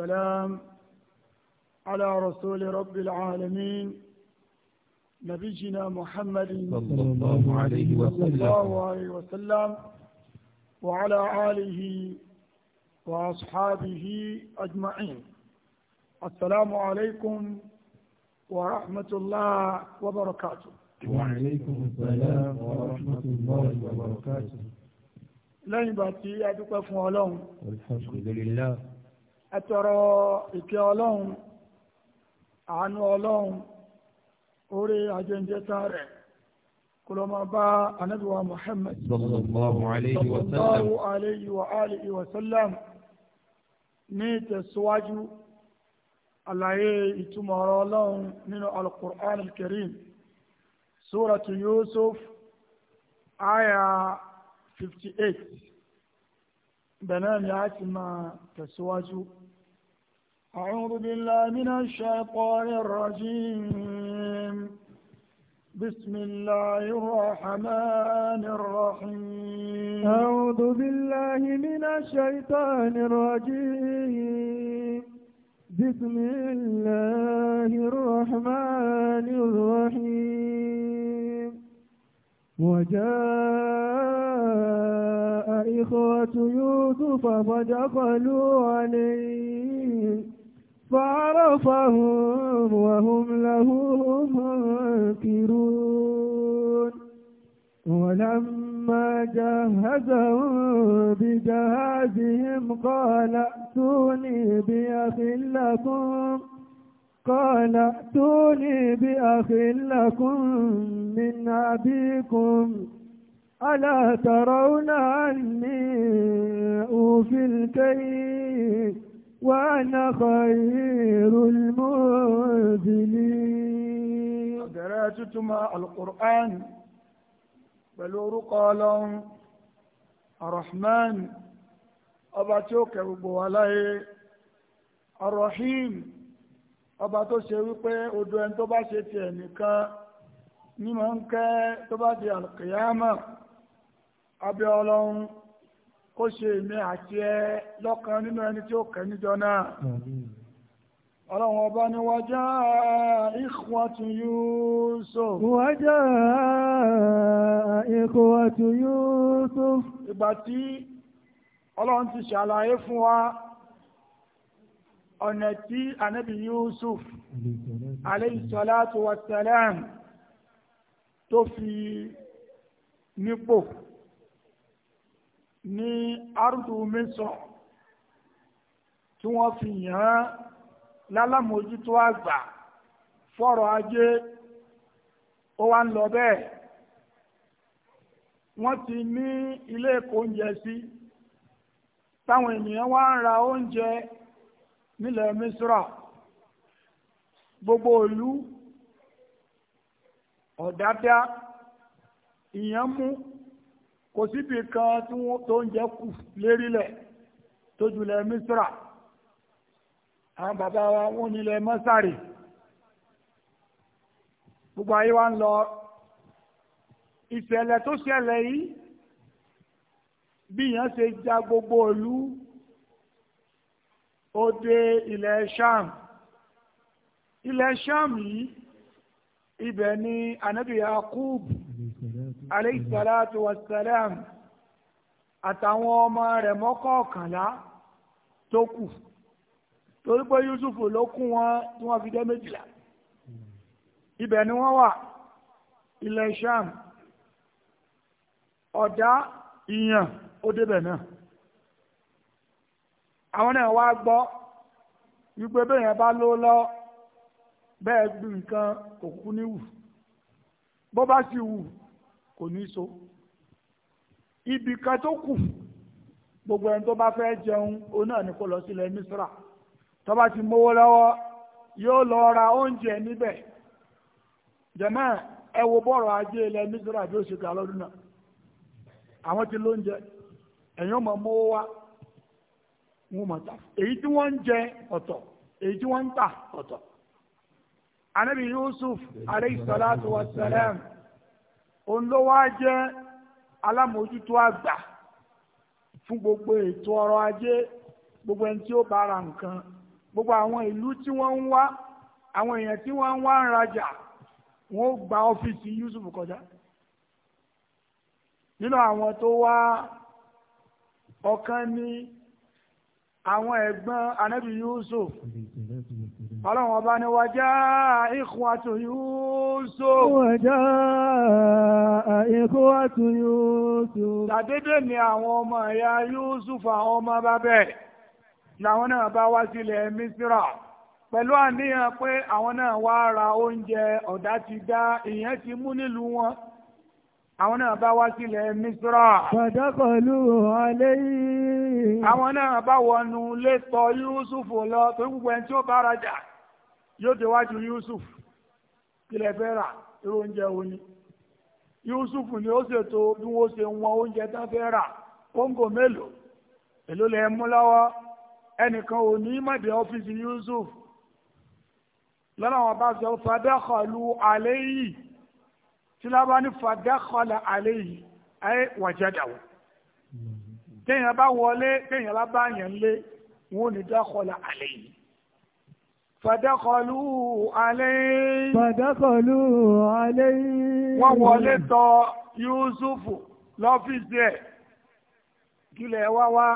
والسلام على رسول رب العالمين نبينا محمد صلى الله عليه وسلم, عليه وسلم وعلى آله وأصحابه أجمعين السلام عليكم ورحمة الله وبركاته وعليكم السلام ورحمة الله وبركاته لا يبقى في أدوك الحمد لله ẹtọrọ ìkẹ́ ọlọ́run àánú ọlọ́run orí ajẹ́njẹta rẹ̀ kó lọ máa bá anábìwá Muhammad sallallahu alayhi wa alihi wa sallam ní tẹ̀síwájú àlàyé ìtumọ̀ ọ̀rọ̀ ọlọ́run nínú al al-Karim suratu Yusuf aya 58 bẹ̀rẹ̀ ni a ti máa tẹ̀síwájú. أعوذ بالله من الشيطان الرجيم بسم الله الرحمن الرحيم أعوذ بالله من الشيطان الرجيم بسم الله الرحمن الرحيم وجاء إخوة يوسف فدخلوا عليه فعرفهم وهم له منكرون ولما جهزهم بجهازهم قال ائتوني بأخ لكم قال ائتوني بأخ لكم من أبيكم ألا ترون أني أوفي الكيل وأنا خير المنزلين قراءتما القرآن بلور قال الرحمن أباتوك بوالي الرحيم ọba tó ṣe wípé odò ẹni tó bá ṣe tiẹ̀ nìkan ní mọ̀ ń kẹ́ tó bá di alkiyama abẹ́ ọlọ́run kó ṣe èmi àti ẹ lọ́kan nínú ẹni tí ó kẹ́ níjọ náà ọlọ́run ọba ni wọ́n já ìkwọ́tù Yusuf wọ́n já ìkwọ́tù Yusuf ìgbà tí ọlọ́run ti ṣàlàyé fún wa ọ̀nà tí ànábì Yusuf aleyhisalatu wasalam tó fi nípò ní arúgbó mẹ́sọ̀ tí wọ́n fi yàn án lálàmójútó àgbà fọ́rọ̀ ajé ó wá ń lọ bẹ́ẹ̀ wọ́n ti ní ilé ẹ̀kọ́ oúnjẹ sí táwọn ènìyàn wá ń ra oúnjẹ nílẹ̀ Misra gbogbo òlú, ọ̀dádá ìyẹn mú kò síbi kan tó ń jẹ́ kù lérílẹ̀ tó jùlẹ̀ Misra àwọn bàbá wa wọ́n nílẹ̀ mọ́sàrì gbogbo ayé wa ń lọ ìṣẹ̀lẹ̀ tó ṣẹlẹ̀ yìí bí yẹn ṣe ja gbogbo ìlú ó ilẹ̀ Sham ilẹ̀ Sham yìí ibẹ̀ ni anabi Yakub alayhi salatu wassalam àtàwọn ọmọ rẹ̀ mọ́kọ̀ọ̀kànlá tó kù torí pé Yusuf ló kún wọn tí wọ́n fi dé méjìlá ibẹ̀ ni wọ́n wà ilẹ̀ Sham ọ̀dá ìyàn ó débẹ̀ náà àwọn náà wá gbọ́ wípé bẹ́yẹn bá ló lọ bẹ́ẹ̀ gbin nǹkan òkú níwù bó bá sì wù kò ní so ibi kan tó kù gbogbo ẹni tó bá fẹ́ jẹun òun náà ni kó lọ sílẹ̀ Misra tó bá ti mówó lọ́wọ́ yóò lọ ra oúnjẹ níbẹ̀ jẹ̀mọ́ ẹ wo bọ́ọ̀rọ̀ ajé ilẹ̀ Misra bí ó ṣe ga lọ́dún náà àwọn ti lóúnjẹ ẹ̀yin ọmọ mówó wá wọn mọ̀ ta èyí tí wọ́n ń jẹ ọ̀tọ̀ èyí tí wọ́n ń tà ọ̀tọ̀ òun ló wá jẹ́ alámòójútó àgbà fún gbogbo ètò ọrọ̀ ajé gbogbo ẹni tí ó bá ra nǹkan gbogbo àwọn ìlú tí wọ́n ń wá àwọn èèyàn tí wọ́n ń wá ń rajà wọ́n gba ọ́fíìsì Yusuf kọjá nínú àwọn tó wá ọ̀kan ní àwọn ẹ̀gbọ́n anabi Yusuf ọlọ́run ọba ni wà já ikhwatu Yusuf wà já ikhwatu Yusuf tàdédé ni àwọn ọmọ ẹ̀yà Yusuf àwọn ọmọ bábẹ́ làwọn náà bá wá sílẹ̀ Misra pẹ̀lú àníyàn pé àwọn náà wá ra oúnjẹ ọ̀dá ti dá ìyẹn ti mú nílùú wọn àwọn náà bá wá sílẹ̀ Misra. Fàdákọ̀lù aléyìí. Àwọn náà bá wọnú létọ̀ Yúsùfù lọ torí gbogbo ẹni tí ó bá rajà yóò ti wá ju Yusuf kílẹ̀ fẹ́ rà irú oúnjẹ wo ni Yusuf ni ó ṣètò bí wọ́n ṣe wọn oúnjẹ tán fẹ́ rà kóńgò mélòó èló lẹ mú lọ́wọ́ ẹnìkan ò ní mọ̀dé ọ́fíìsì Yusuf lọ́nà wọn bá sọ fàdákọ̀lù alẹ́ yìí tí lábá ní fàdákọ̀lù alẹ́ yìí ayé wàjádàwó téèyàn bá wọlé téèyàn bá yẹn lé wọn ò ní dákọ̀lù alẹ́ yìí. Fàdákọlú aléyìn. Fàdákọlú aléyìn. Wọ́n wọlé tọ Yúsùfù lọ́fíìsì ẹ̀. Kílẹ̀ wá wá,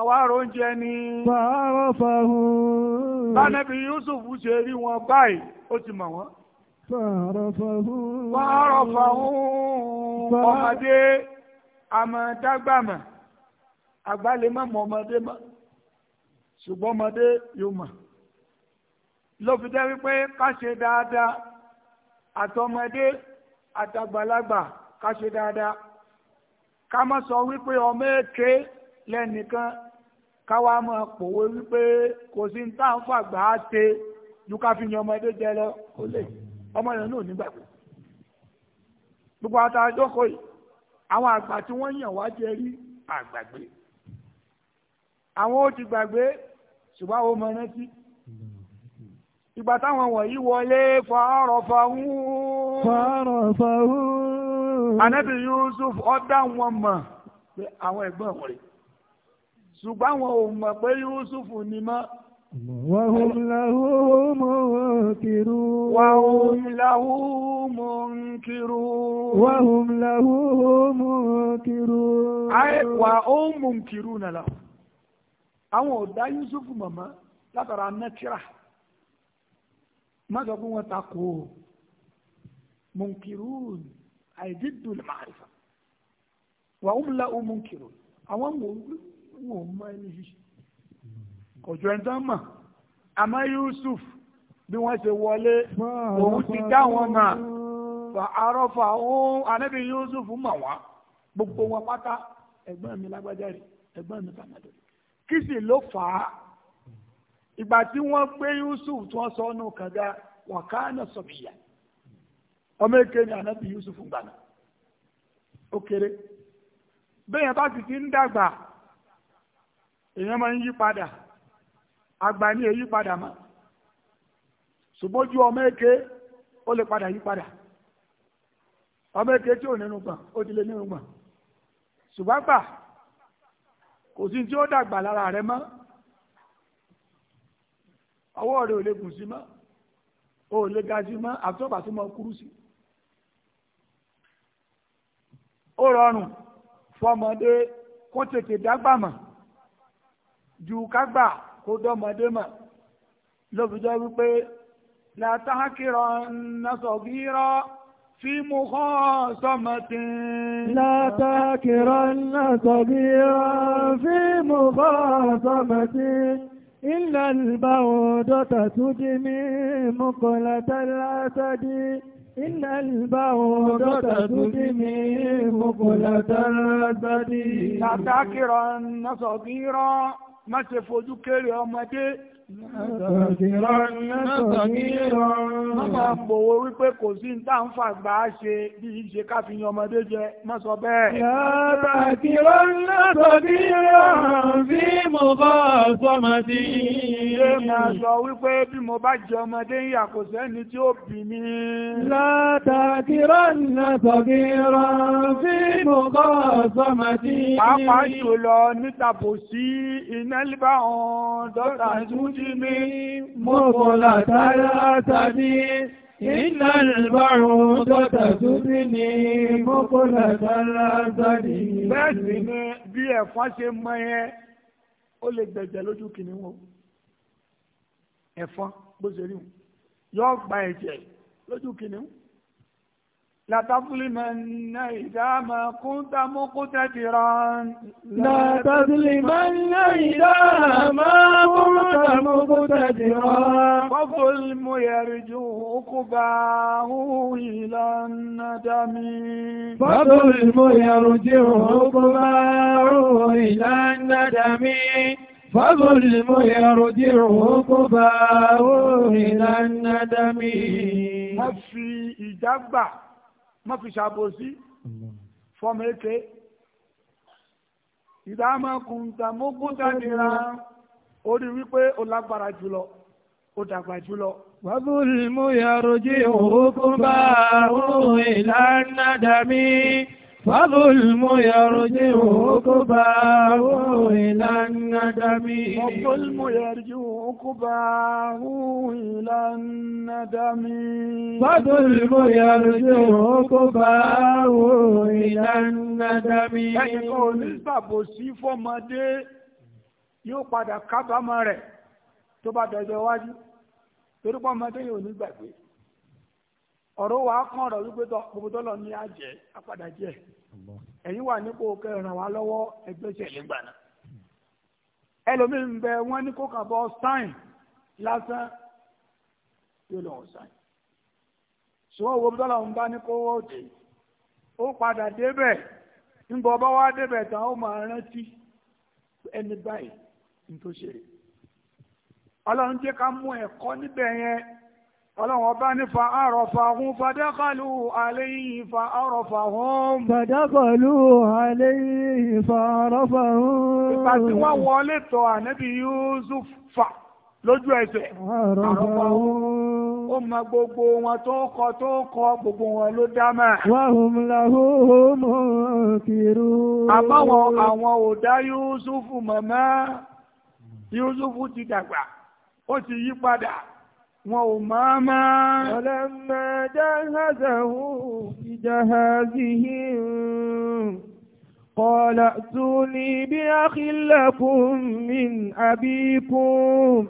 àwárò ń jẹ ni. Fàárọ̀ fàhùn. Bánẹ́bí Yúsùfù ṣe rí wọn báyìí, ó ti mọ̀ wọ́n. Fàárọ̀ fàhùn. Fàárọ̀ fàhùn. Ọmọdé àmọ̀dágbàmọ̀. Àgbálẹ̀ mọ̀ ọmọdé mọ̀. Ṣùgbọ́n ọmọdé yóò mọ̀ ló fi jẹ́ wípé ká ṣe dáadáa àtọmọdé àtàgbàlagbà ká ṣe dáadáa ká má sọ wípé ọmọ èké lẹ́nìkan ká wá máa pòwe wípé kò sí ní tá à ń fàgbà á ṣe ju ká fi yan ọmọdé jẹ lọ kó lè ọmọ yẹn náà nígbàgbé gbogbo àtàjọkọ̀ yìí àwọn àgbà tí wọ́n yàn wá jẹ rí àgbàgbé àwọn ó ti gbàgbé ṣùgbọ́n àwọn ọmọ rántí ìgbà táwọn wọ̀nyí wọlé fọ́ọ̀rọ̀fà hún anẹ́bì Yusuf ọdá wọn mọ̀ pé àwọn ẹ̀gbọ́n wọn rẹ̀ ṣùgbọ́n wọn ò mọ̀ pé Yusuf ni mọ́ wàhùn láhùn mùnkìrú wàhùn mùnkìrú nàlá àwọn ò dá Yusuf mọ̀ mọ́ látara nẹ́kìrà má sọ pé wọ́n takò ó munkirun àìdídù lẹ́màrífà wà ó múlá ó munkirun àwọn wò ó mọ ẹni yìí kọjọ ẹni tán mọ̀ àmọ́ Yusuf bí wọ́n ṣe wọlé òun ti dá wọn mà wà òun ànábì Yusuf mọ̀ wá gbogbo wọn pátá ẹ̀gbọ́n mi lágbájá rẹ̀ ẹ̀gbọ́n mi tàmádọ́ kí sì ló fà á. ìgbà tí wọ́n gbé Yusuf tí wọ́n sọ ọ́nù kàga wọ́n ká náà sọ̀bìyà ọmọ èké ni anabi Yusuf ń gbàgbà ó kéré bẹ́ẹ̀ bá sì ti ń dàgbà èèyàn ni èyí padà mọ́ ṣùgbọ́jú ọmọ èké ó lè padà yí padà ọmọ èké tí ò nínú gbọ̀n ó ti lè nínú gbọ̀n ṣùgbọ́n gbà kò sí tí ó dàgbà lára rẹ ọwọ́ rẹ̀ ò lè gùn sí mọ́ ò lè ga sí mọ́ àtọ́bà tó mọ́ kúrú sí ó rọrùn fọmọdé kó tètè dágbà mọ̀ ju kágbà kó dọ́mọdé mọ̀ lóbìjọ́ wípé látàkìrọ̀ nasọ̀gírọ̀ في مخاصمة لا تكرن صغيرا في مخاصمة ilà ìbáwò dọ́tà tún jí mí mú kọ́lá tẹ́lá sádì. إن البعوضة تدمي مقلة البدي لا تعكرن صغيرا ما تفوز كل يوم دي Mọ́mọ́ pòwó wípé kò sí ń tá ń fàgbà ṣe bí i ṣe ká fi yan ọmọdé jẹ, má sọ bẹ́ẹ̀. Yàrá kí ó lọ́sọ bí ọ̀rùn bí mo bá sọmọ tí Pàápàá jùlọ níta kò sí iná líbà ọ̀n dọ́tà ìtúnṣe. المجرمين مطلة الأسد إلا البعوضة تدني مطلة الأسد bẹ́ẹ̀ sì ni bí ẹ̀fọn ṣe mọ yẹn ó lè gbẹ̀jẹ̀ lójú kìnìún wọn ẹ̀fọn bó ṣe rí wọn yóò gba ẹ̀jẹ̀ lójú kìnìún. لتظلمن إذا ما كنت مقتدرا لا تظلمن إذا ما كنت مقتدرا والظلم يرجو عقباه إلى الندم والظلم يرجو عقباه إلى الندم فظلم يرجع عقباه إلى الندم أفي إجابة má fi ṣàbòsí fọmọ èké ìdáàmà kùntà mógúntà nira ó rí wípé ó lágbára jùlọ ó dàgbà jùlọ. wàbúrì mú yàrá ojú ìhòòhò kó bá òun ìlànà dàmí. Fábùlmú yàrù jí òkú bá wó ìlànà dámì. Fábùlmú yàrù jí òkú bá wó ìlànà dámì. Fábùlmú yàrù òkú bá wó ìlànà dámì. Ẹnìkan onígbàbò sí fọ́mọdé yóò padà kábàámọ̀ rẹ̀ tó bá dọjọ́ wájú. Torípọ̀ ọmọdé yóò nígbàgbé. ọ̀rọ̀ wa kàn ọ̀rọ̀ wípé gbogbo tọ́lọ̀ ní àjẹ́ apàdà jẹ́ ẹ̀yin wà nípò kẹràn wá lọ́wọ́ ẹgbẹ́sẹ̀ nígbà náà ẹlòmíín bẹ wọn ní kó kàn bọ lásán yóò lọ stein ṣùgbọ́n ń bá ní kó dé ó padà débẹ̀ débẹ̀ tán ó máa rántí ẹni báyìí ní tó ṣe ọlọ́run jẹ́ ká mú ọlọ́run ọba ní fa àrọ̀fàhún fàdákàlù àléyìn fa àrọ̀fàhún. fàdákàlù àléyìn fa àrọ̀fàhún. ìgbà tí wọ́n wọlé tọ̀ ànábì Yusuf fà lójú ẹsẹ̀. àrọ̀fàhún ó ma gbogbo wọn tó kọ tó kọ gbogbo wọn ló dámà. wàhùn làhùn mọ̀ kìrù. àbáwọn àwọn ò dá Yúsùfù mọ̀mọ́ Yúsùfù ti dàgbà ó ti yí padà. وماما ولما جهزه بجهازهم قال ائتوني بأخ لكم من أبيكم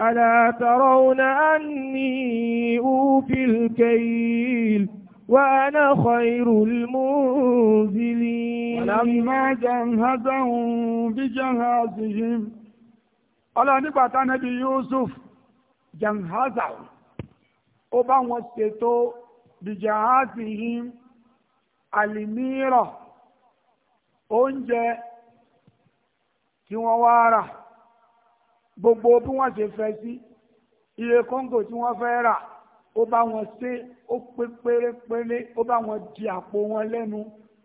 ألا ترون أني أوفي الكيل وأنا خير المنزلين ولما جهزهم بجهازهم قال نبات نبي يوسف janhaza ó bá wọn ṣètò bijahazihim alimiro oúnjẹ tí wọ́n wá rà gbogbo bí wọ́n ṣe fẹ́ sí iye kóńgò tí wọ́n fẹ́ rà ó bá wọn ṣe ó pé pérépéré ó bá wọn di àpò wọn lẹ́nu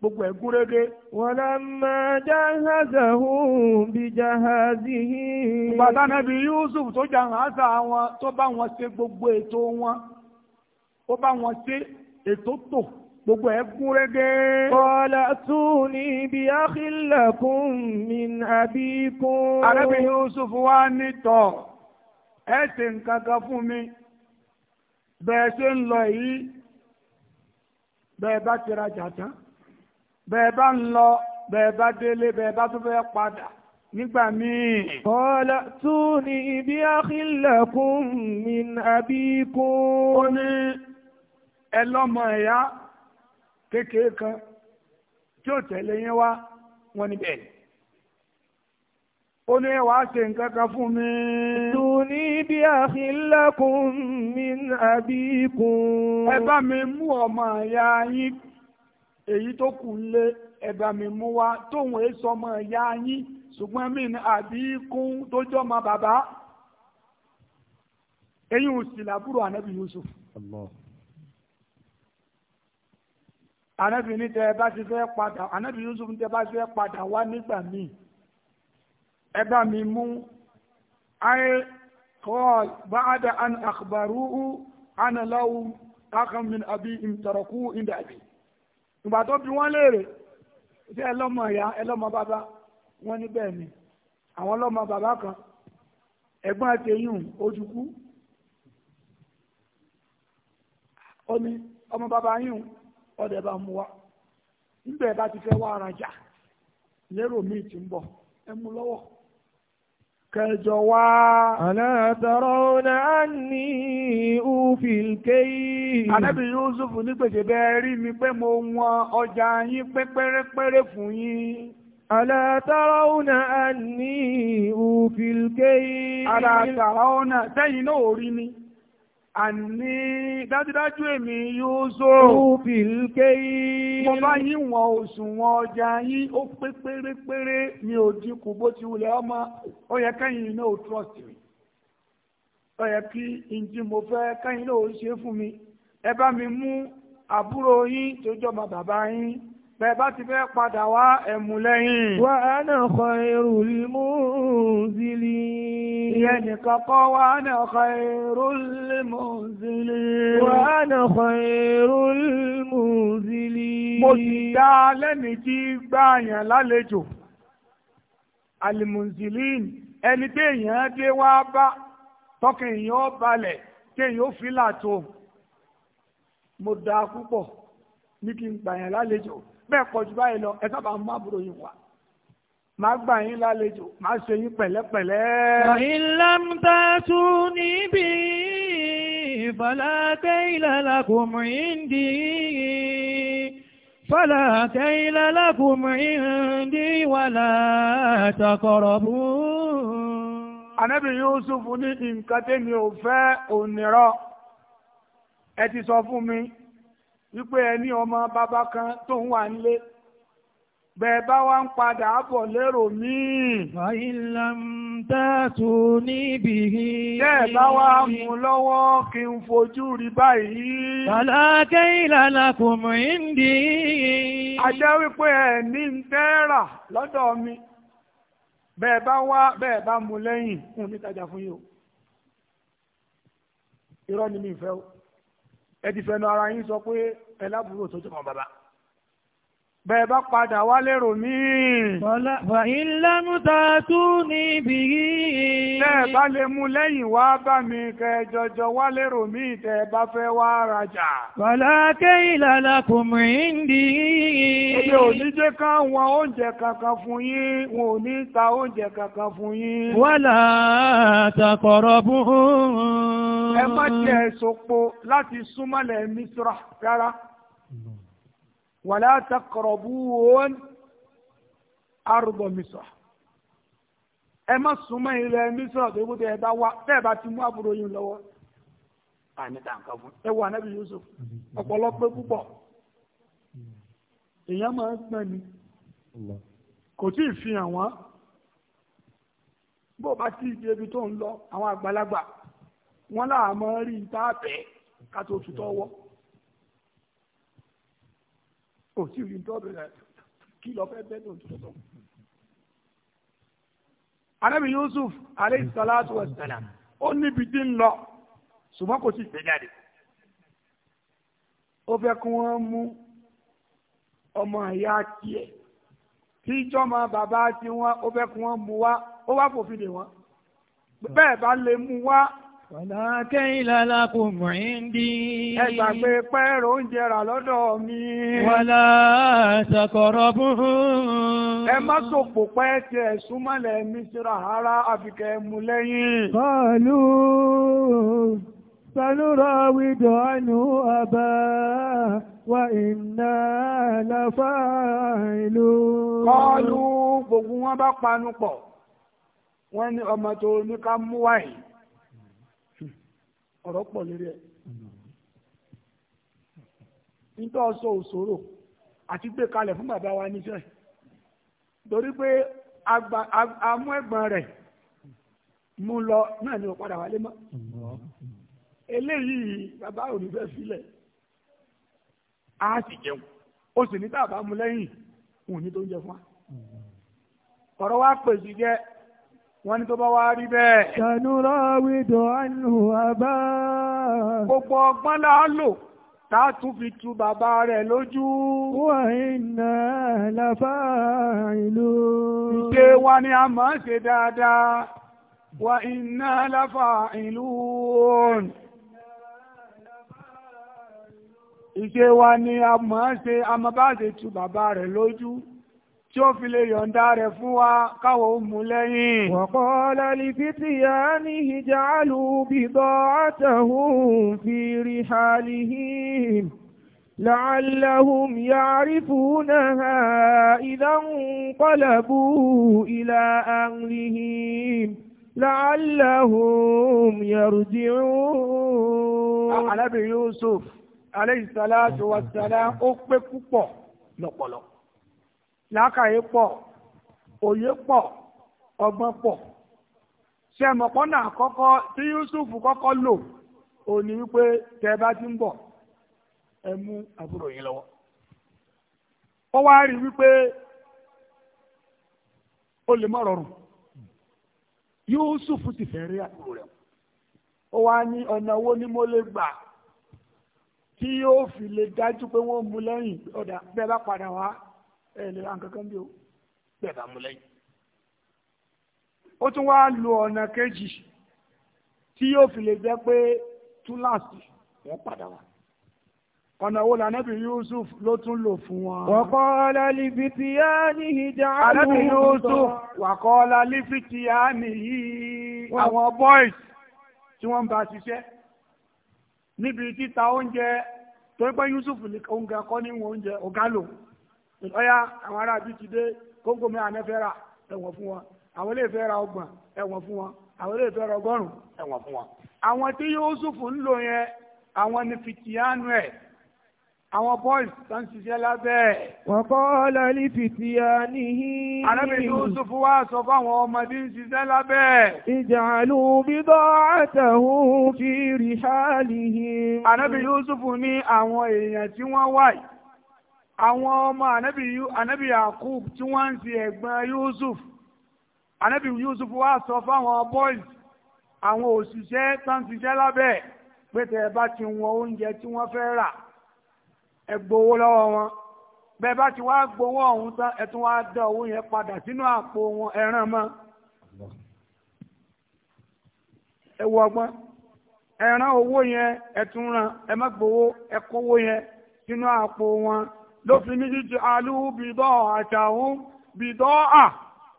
gbogbo ẹ̀ gúnrégé. wàlámà jahazahum bí jahazihi. bàtà nàbí Yusuf tó jahaza wọn tó bá wọn ṣe gbogbo ètò wọn ó bá wọn ṣe ètò tò gbogbo ẹ̀ gúnrégé. kọ́lá tún ní ibi ákìlẹ̀kùn min àbíkún. àrẹ́bí Yusuf wá nítọ̀ ẹ̀ ṣe nǹkan kan fún mi bẹ́ẹ̀ ṣe ń lọ yìí bẹ́ẹ̀ bá ti rajà tán bẹ́ẹ̀ bá ń lọ bẹ́ẹ̀ bá délé bẹ́ẹ̀ bá tó fẹ́ padà nígbà míì. Kọ́lá tó ní ibi àkílẹ̀kún mi àbíkún. Ó ní ẹlọ́mọ ẹ̀yá kékeré kan tí ó tẹ̀lé yín wá wọn níbẹ̀. Ó ní wàá ṣe nǹkan kan fún mi. Tó ní ibi àkílẹ̀kún mi àbíkún. Ẹ bá mi mú ọmọ ẹ̀yà yín èyí tó kù lé ẹ̀bà mi mú wá tóun èso ọmọ ìyá yín ṣùgbọ́n mí ní àbíkún tó jọ́ ọmọ bàbá èyí ò sì làbúrò ànábì Yusuf. Allah anabi ni tẹ bá ti fẹ́ padà anabi yusuf tẹ bá ti fẹ́ padà wá nígbà míì ẹ bá ayé kọ́ọ̀l bá a da an àkbàrú ana lahu akhan min abi im ìgbà tó bí wọ́n léèrè ṣé ẹlọ́mọ ìyá ẹlọ́mọ bàbá wọ́n ní ni àwọn bàbá kan ẹ̀gbọ́n ọmọ bàbá yìí ọdẹ bá níbẹ̀ bá ti fẹ́ wá ara jà lérò míì ti ń bọ̀ ẹ mú lọ́wọ́ kẹjọ wá. aláàtọ̀rọ̀nà á ní ufil kéyì. anábì yusuf nígbèsè bẹ́ẹ̀ rí mi pé mo wọn ọjà yín pé pérépéré fún yín. aláàtọ̀rọ̀nà ní ufil kéyì. aláàtọ̀rọ̀nà sẹ́yìn náà rí mi. Àní dájúdájú èmi yóò zó. Rúbìl kéyí. Mo bá yín wọn òṣùwọ̀n ọjà yín ó pé pérépéré mi ò dínkù bó ti wulẹ̀ ọmọ ó yẹ kẹ́yìn náà ó trust mi. Ó yẹ kí ìdí mo fẹ́ kẹ́yìn náà ó ṣe fún mi. Ẹ bá mi mú àbúrò yín tó jọmọ bàbá yín. Bẹ̀ bá ti fẹ́ padà wá ẹ̀mù lẹ́yìn. Wa ana khairul munzilin. Ìyẹn nìkan kọ́ wa ana khairul munzilin. Wa ana khairul munzilin. Mo ti dá lẹ́ni gbààyàn lálejò. Alimunzilin ẹni tí èèyàn dé wá bá tọ́kì èèyàn balẹ̀ tí èèyàn ó fi làtò. Mo dáa púpọ̀ ní kí n gbààyàn lálejò bẹ́ẹ̀ pọ̀ jù báyìí lọ ẹ sábà ń bá àbúrò yín wá máa gbà yín lálejò máa ṣe yín pẹ̀lẹ́pẹ̀lẹ́. ìlàmùtà tún níbi فلا كيل لكم عندي فلا كيل لكم عندي ولا تقربون Ànábì Yúsúfù ní nǹkan tẹ́mi ò fẹ́ onírọ́ ẹ ti sọ fún mi wípé ẹni ọmọ bàbá kan tó ń wà nílé bẹ́ẹ̀ bá wá ń padà bọ̀ lérò míì. Àìlàmtàtù níbi hì. Bẹ́ẹ̀ bá wá mú lọ́wọ́ kí n fojú rí báyìí. Tàlákẹ́ ìlànà kò mọ̀ ìndí. A jẹ́ wípé ẹ̀ ní ń tẹ́rà lọ́dọ̀ mi. Bẹ́ẹ̀ bá wá bẹ́ẹ̀ bá mú lẹ́yìn fún mi tajà fún yìí o. Irọ́ ni mi fẹ́ o. Ẹ ti fẹnu ara yín sọ pé ẹ tó tó mọ bàbá bẹ́ẹ̀ bá padà wá lérò míì. Fa ilẹ̀ mú ta tú ní ibi yìí. Tẹ́ bá lè mú lẹ́yìn wá bá mi kẹ jọjọ wá lérò míì tẹ́ bá fẹ́ wá rajà. Fọlá ìlànà kò mú ìndí. Ebi ò ní jẹ́ wọn oúnjẹ kankan fún yín, wọn ò ní ta oúnjẹ kankan fún yín. Wọ́lá àtàkọ̀rọ̀ bú. Ẹ má jẹ́ sopo láti súnmọ́lẹ̀ mísírà rárá wàlá taqrabuun arda Misr ẹ má súnmọ́ ilẹ̀ Misr tó kú tẹ́ ẹ bá wá tẹ́ ẹ bá ti mú àbúrò yín lọ́wọ́ àní tàǹkà fún ẹ wọ anábì Yusuf ọ̀pọ̀lọpọ̀ púpọ̀ èèyàn máa ń gbọ́n ni kò tí ì fi hàn wọ́n bó o bá ti di ibi tó ń lọ àwọn àgbàlagbà wọn láà máa rí i tá a bẹ̀ ká tó tutọ́ wọ́ kò sí ìrìn tó bẹ̀rẹ̀ kí lọ fẹ́ bẹ́ẹ̀ ní òtútù. Ànábì Yusuf alayhi salatu wa salam ó níbi tí ń lọ ṣùgbọ́n kò sí ìgbéjáde. Ó fẹ́ kí wọ́n mú ọmọ ìyá tiẹ̀ tí ìjọba bàbá tiwọn ó fẹ́ kí wọ́n mú wá ó wá fòfin dè wọ́n. Bẹ́ẹ̀ bá lè mú wá Wàlá kẹ́yìnlá lákùn mọ̀índí. Ẹ gbàgbé pẹ́rù oúnjẹ rà lọ́dọ̀ mi. Wàlá ṣàkọ̀rọ̀ fúnfún. Ẹ má sòpò pẹ́ ti ẹ̀sùn mọ́lẹ̀ mi síra ara àfikẹ́ mú lẹ́yìn. Kọ́ọ̀lù sanúrọ̀ wíjọ ànú àbá wa iná láfà ìlú. Kọ́ọ̀lù gbogbo wọn bá panu pọ̀, wọ́n ní ọmọ tó ní ká mú wáyìí ọ̀rọ̀ pọ̀ lórí ẹ̀ nítorí ọsọ òṣòro àti gbé kalẹ̀ fún bàbá wa níṣẹ́ torí pé amú ẹ̀gbọ́n rẹ̀ mú lọ náà ni ó padà wálé mọ́ eléyìí bàbá ò ní fẹ́ sílẹ̀ á sì jẹun ó sì ní tá a bá mú lẹ́yìn òun ní tó ń jẹ fún wa ọ̀rọ̀ wa pèsè jẹ́ wọ́n ní tó bá wá rí bẹ́ẹ̀. ṣànúrà wíjọ àánú àbá. gbogbo ọgbọ́n láàlò tá a tún fi tu bàbá rẹ̀ lójú. wà iná láfà ìlú. ìṣe wa ni a máa ń ṣe dáadáa. wà iná láfà ìlú. ìṣe wa ni a máa ń ṣe amabáṣe tu bàbá rẹ̀ lójú tí ó fi lè yọ̀ǹda rẹ̀ fún wa káwọ̀ ó mú lẹ́yìn. Wọ̀kọ́lá lè fi ti ní ìjálù bíbọ́ àtàhùn fi rí halihim. لعلهم يعرفونها إذا انقلبوا إلى أهلهم لعلهم يرجعون. Ànábì Yusuf, alayhi salatu ó pé púpọ̀ lọ́pọ̀lọpọ̀. làákàyè pọ̀ òye pọ̀ ọgbọ́n pọ̀ ṣe mọ̀pọ́nà àkọ́kọ́ Yusuf kọ́kọ́ lò ò wípé tẹ bá ti ń bọ̀ ẹ mú àbúrò yín lọ́wọ́ ó wá rí wípé ó Yusuf si fẹ́ rí àbúrò rẹ̀ ó wá ní ọ̀nà owó mo lè gbà tí yóò fi lè dájú pé wọ́n mú lẹ́yìn ẹ lè ra nǹkan kan bí o bẹ́ẹ̀ bá mú lẹ́yìn. ó tún wá lo ọ̀nà kejì tí yóò fi lè jẹ́ pé túláàsì wọ́n padà wá ọ̀nà wo la nẹ́bí yusuf ló tún lò fún wọn. wàkọ́ọ́lá lífitiyaani ìjà àlùkò. ànẹ́bí yusuf wàkọ́ọ́lá lífitiyaani yìí àwọn boys tí wọ́n ń bá ṣiṣẹ́ níbi títa oúnjẹ torí pé yusuf ní oúnjẹ kọ́ ní oúnjẹ ọ̀gá lòun ọ̀yá àwọn ará bíi ti dé kóńgò mi àná fẹ́ ra ẹ̀wọ̀n fún wọn àwọn ilé ìfẹ́ ra ọgbọ̀n ẹ̀wọ̀n fún wọn àwọn ilé ìfẹ́ ra ọgọ́rùn-ún ẹ̀wọ̀n fún wọn. àwọn tí Yúsúfù ń lò yẹn àwọn ni fìtìyánu ẹ̀ àwọn boys tó ń ṣiṣẹ́ lábẹ́ ẹ̀. wọ́n kọ́ lálẹ́ fìtìyà níhí. arábìnrin Yusuf wá sọ fáwọn ọmọdé ń ṣiṣẹ́ lábẹ́ ẹ̀. ìjàlù bíbọ́ àtẹ̀hún fi rìhálìhì. arábìnrin Yusuf ní àwọn èèyàn tí wọ́n wáyìí àwọn ọmọ anabi yakub tí wọ́n ń ti yusuf anabi yusuf wá sọ fáwọn boys àwọn òṣìṣẹ́ tán ti ṣiṣẹ́ lábẹ́ ẹ bá ti wọn oúnjẹ tí wọ́n fẹ́ rà wọn bẹ́ẹ̀ bá ti wá gbowó wọn ẹran ẹ wọ ẹran owó yẹn ẹ tún ẹ má gbowó ẹ kówó ló fi ní jíjí alúhù bìdọ́ àtàwọn bìdọ́ à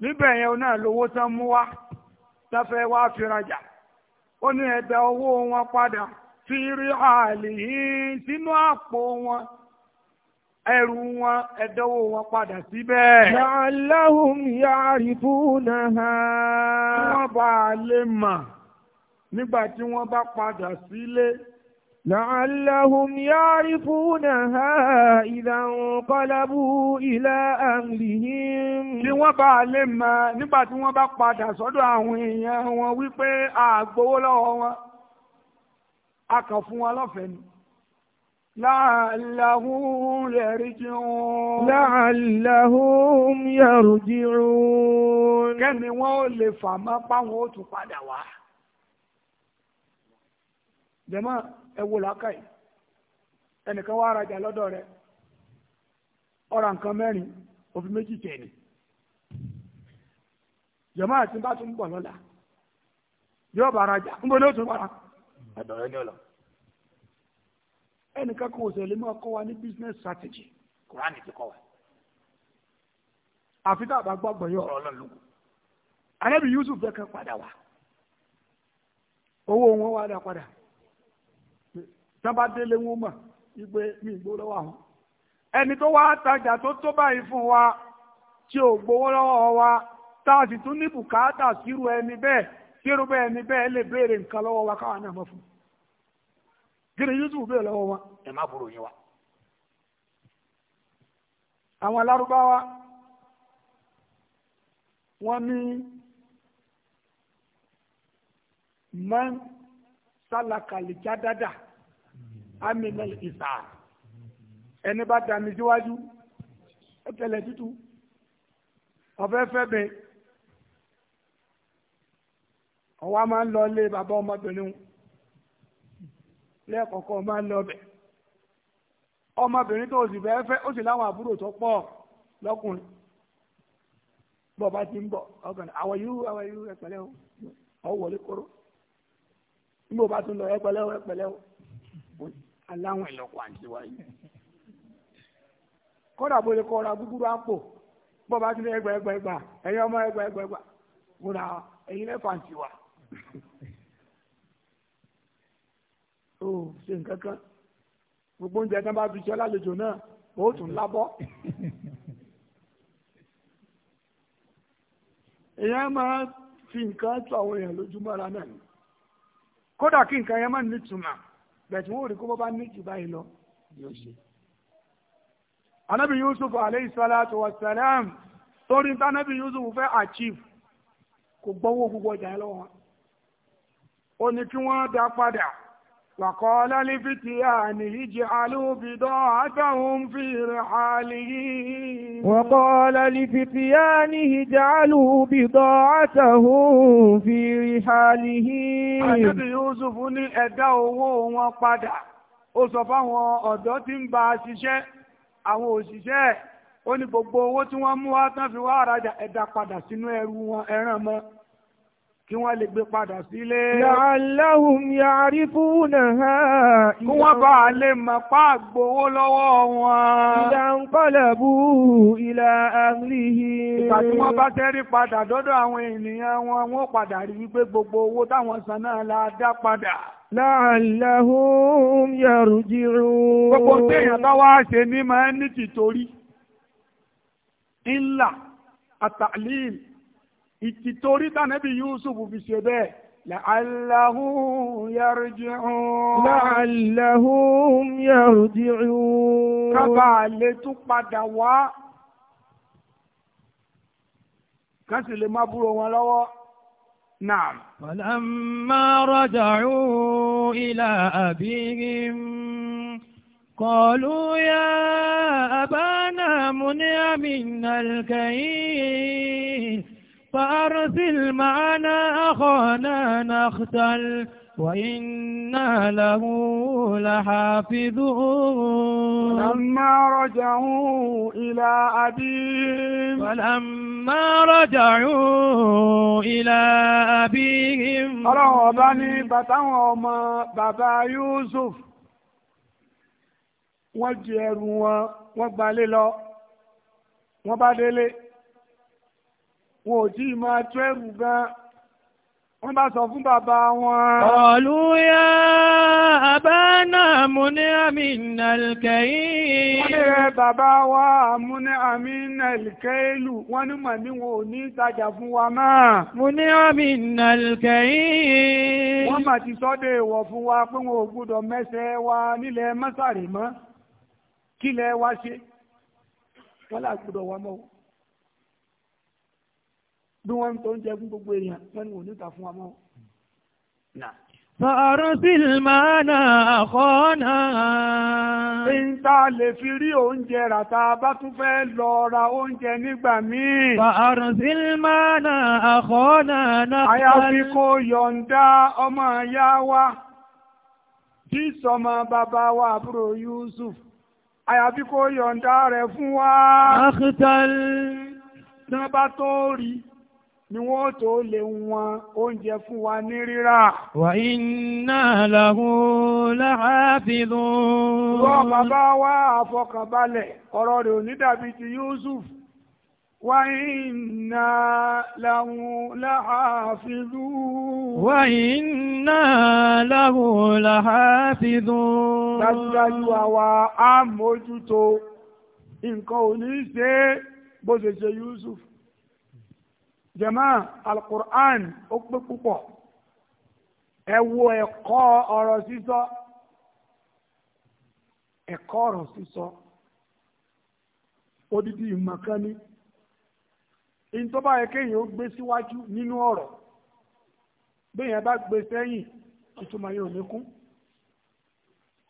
níbẹ̀ yẹn náà lówó tán mú wá tẹ́fẹ́ wá owó wọn padà fi rí àlìyé sínú àpò wọn ẹrù wọn ẹ̀dánwó wọn padà síbẹ̀. yàrá ha. bá a lè mà nígbà tí bá padà sílé. لعلهم يعرفونها إذا انقلبوا إلى أهلهم Kí wọ́n bá lè mọ̀ nígbà tí wọ́n bá padà sọ́dọ̀ àwọn èèyàn wọn wípé àgbówó lọ́wọ́ wọn, a kàn fún wọn lọ́fẹ̀ẹ́ ni. La'allahum yarji'un. La'allahum yarji'un. Kẹ́ni wọ́n lè fà mọ́ páwọn ó tún padà wá. Jẹ́mọ́. ẹ wo làákàyè ẹnìkan wá rajà lọ́dọ̀ rẹ ọ̀rọ̀ nǹkan mẹ́rin òfin méjì tẹ̀lé jọ̀mọ́ àti bá tún bọ̀ lọ́la yóò bá rajà ń ní òtún wàrà ní ọ̀la ẹnìkan kò wa ní business strategy ti kọ́ wa àfi tá a bá gbàgbọ́ yóò Yusuf kan tán bá délé wọn mọ̀ wípé ẹni tó wá tajà tó tó báyìí fún wa tí ò gbowó lọ́wọ́ wa tá a sì tún ní bùkátà sírú ẹni bẹ́ẹ̀ sírú bẹ́ẹ̀ ni bẹ́ẹ̀ lè béèrè nǹkan lọ́wọ́ wa káwọn náà mọ̀ fún yusuf lọ́wọ́ wa ẹ̀ má burú yín wa. àwọn alárúbáwá ní man sálàkàlì aminal isa ẹni bá dami síwájú ó tẹ̀lẹ̀ tútù ọ̀fẹ́ fẹ́ bẹ ọwọ́ máa ń lọ lé bàbá ọmọbìnrin lẹ́ẹ̀kọ̀ọ̀kan máa ń lọ bẹ̀ ọmọbìnrin tó sì fẹ́ fẹ́ ó sì láwọn àbúrò tó pọ̀ lọ́kùnrin bọ́ba ti ń bọ̀ ọkàn àwọn yìí àwọn yìí ẹ̀pẹ̀lẹ́ o ọ̀wọ́lé kóró nígbà bá tún lọ ẹ̀pẹ̀lẹ́ o ẹ̀pẹ̀lẹ́ o. aláwọn ìlọ́pọ̀ àti wáyé kódà bó lè kọ́ ra gúgúrú àpò bó bá ti ní ẹgbẹ́ ẹgbẹ́ ẹgbà ẹ̀yin ọmọ ẹgbẹ́ ẹgbẹ́ ẹgbà múra ẹ̀yin lẹ́fà gbogbo oúnjẹ tán bá fi ṣe náà tún lábọ́. èèyàn máa fi nǹkan tó àwọn èèyàn náà kódà kí nǹkan yẹn nítumọ̀ bẹ̀tí wọ́n rí kó bọ́ bá ní jù báyìí lọ yóò ṣe. anábì yusuf aleyhi salatu wa salam torí ní anábì yusuf fẹ́ achieve kò gbọ́wọ́ gbogbo ọjà ẹ lọ́wọ́ ó ní kí wọ́n dá padà. وقال لفتيانه اجعلوا بضاعتهم في رحاله وقال لفتيانه اجعلوا بضاعتهم في رحاله Ànábì Yúsúfù ní ẹ dá owó wọn padà ó sọ fáwọn ọ̀dọ́ tí ń bá a ṣiṣẹ́ àwọn òṣìṣẹ́ ó ní gbogbo owó tí wọ́n mú wá tán fi wá rajà ẹ dá padà sínú ẹrù wọn ẹran mọ́ kí wọ́n lè gbé padà sílé. La'allahum ya'rifunaha. Kí wọ́n bá lè mọ̀ pá gbowó lọ́wọ́ wọn. Idha inqalabu ila ahlihim. Ìgbà tí wọ́n bá tẹ́rí padà dọ́dọ̀ àwọn ènìyàn wọn, wọ́n padà rí wípé gbogbo owó táwọn san náà la dá padà. La'allahum yarji'un. Gbogbo téèyàn bá wá ṣe ní máa ń ní tìtorí. Ìlà àtàlíìlì. ìtìtorí tànẹ́bí Yusuf fi ṣe bẹ́ẹ̀. لعله يرجعون لعلهم يرجعون kábàá lè tún padà wá kán sì lè má búrò wọn lọ́wọ́ náà. فلما رجعوا إلى أبيهم قالوا يا أبانا منع منا الكيس فأرسل معنا أخانا نختل وإنا له لحافظون فلما رجعوا إلى أبيهم فلما رجعوا إلى أبيهم ọlọ́run ọba ní bàtàwọn ọmọ bàbá Yusuf wọ́n jẹ wọn ò tí ì máa tó ẹrù gan wọ́n bá sọ fún bàbá wọn. ọ̀lúyà àbánà múni àmìnà ìkẹyìn. wọ́n ní rẹ̀ bàbá wa múni àmìnà ìkẹyìlù wọ́n ní mọ̀ ní wọn ò ní ìtajà fún wa máa. múni àmìnà ìkẹyìn. wọ́n mà ti sọ́dọ̀ èèwọ̀ fún wa pé wọn ò gbọ́dọ̀ mẹ́sẹ̀ wa nílẹ̀ mọ́sàrè mọ́ kílẹ̀ wa ṣe wọ́n là gbọ́dọ̀ wa mọ́ wọn bí wọ́n ń tó ń jẹ fún gbogbo èèyàn wọ́n ní òní ta fún wa mọ́. Fàrúsìl máa nà àkọ́nà. Ìta lè fi rí oúnjẹ rà tá a bá tún fẹ́ lọ ra oúnjẹ nígbà míì. Fàrúsìl máa nà àkọ́nà náà. Àyàfi kó yọ̀ǹda ọmọ ìyá wa tí sọmọ bàbá wa àbúrò Yusuf. Àyàfi kó yọ̀ǹda rẹ̀ fún wa. Àkìtàlì. Tí wọ́n bá tó rí ni wọ́n tó lè wọn oúnjẹ fún wa ní rírà. wà iná làwọn láàbìlún. wọ́n bàbá wa àfọkànbalẹ̀ ọ̀rọ̀ rẹ̀ ò ní dàbí ti Yusuf وَإِنَّا لَهُ لَحَافِظُونَ وَإِنَّا لَهُ لَحَافِظُونَ Dájúdájú àwa á mójútó, nǹkan ò ní ṣe jama alukur'an ó pé púpọ̀ ẹ wo ẹ̀kọ́ ọ̀rọ̀ sísọ ẹ̀kọ́ ọ̀rọ̀ sísọ odidi ìmọ̀kánni ìtọ́ba yẹ kéèyàn ó gbé síwájú nínú ọ̀rọ̀ béèyàn bá gbé sẹ́yìn ìtumọ̀ yóò lékún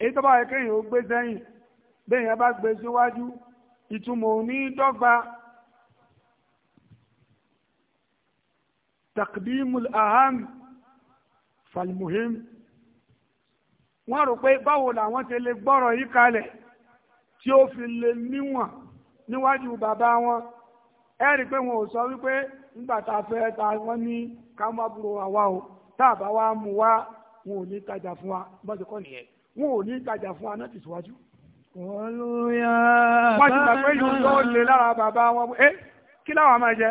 ìtọ́ba yẹ kéèyàn ó gbé sẹ́yìn béèyàn bá gbé síwájú ìtumọ̀ ò dọ́gba. تقديم الأهم، فالمهم، wọ́n rò pé báwo làwọn ti lè gbọ́rọ̀ yìí kalẹ̀ tí ó fi lè níwọ̀n níwájú bàbá wọn ẹ rí i pé wọn ò sọ wípé nígbà tá a fẹ́ ta wọ́n ní ká má burú àwa o tá a bá wa mú wa wọn ò ní tajà fún wa bọ́sẹ̀ kọ́ nìyẹn wọn ò ní tajà fún wa náà ti síwájú. wọ́n ti gbà pé yóò lè lára bàbá wọn ẹ kí láwọn máa jẹ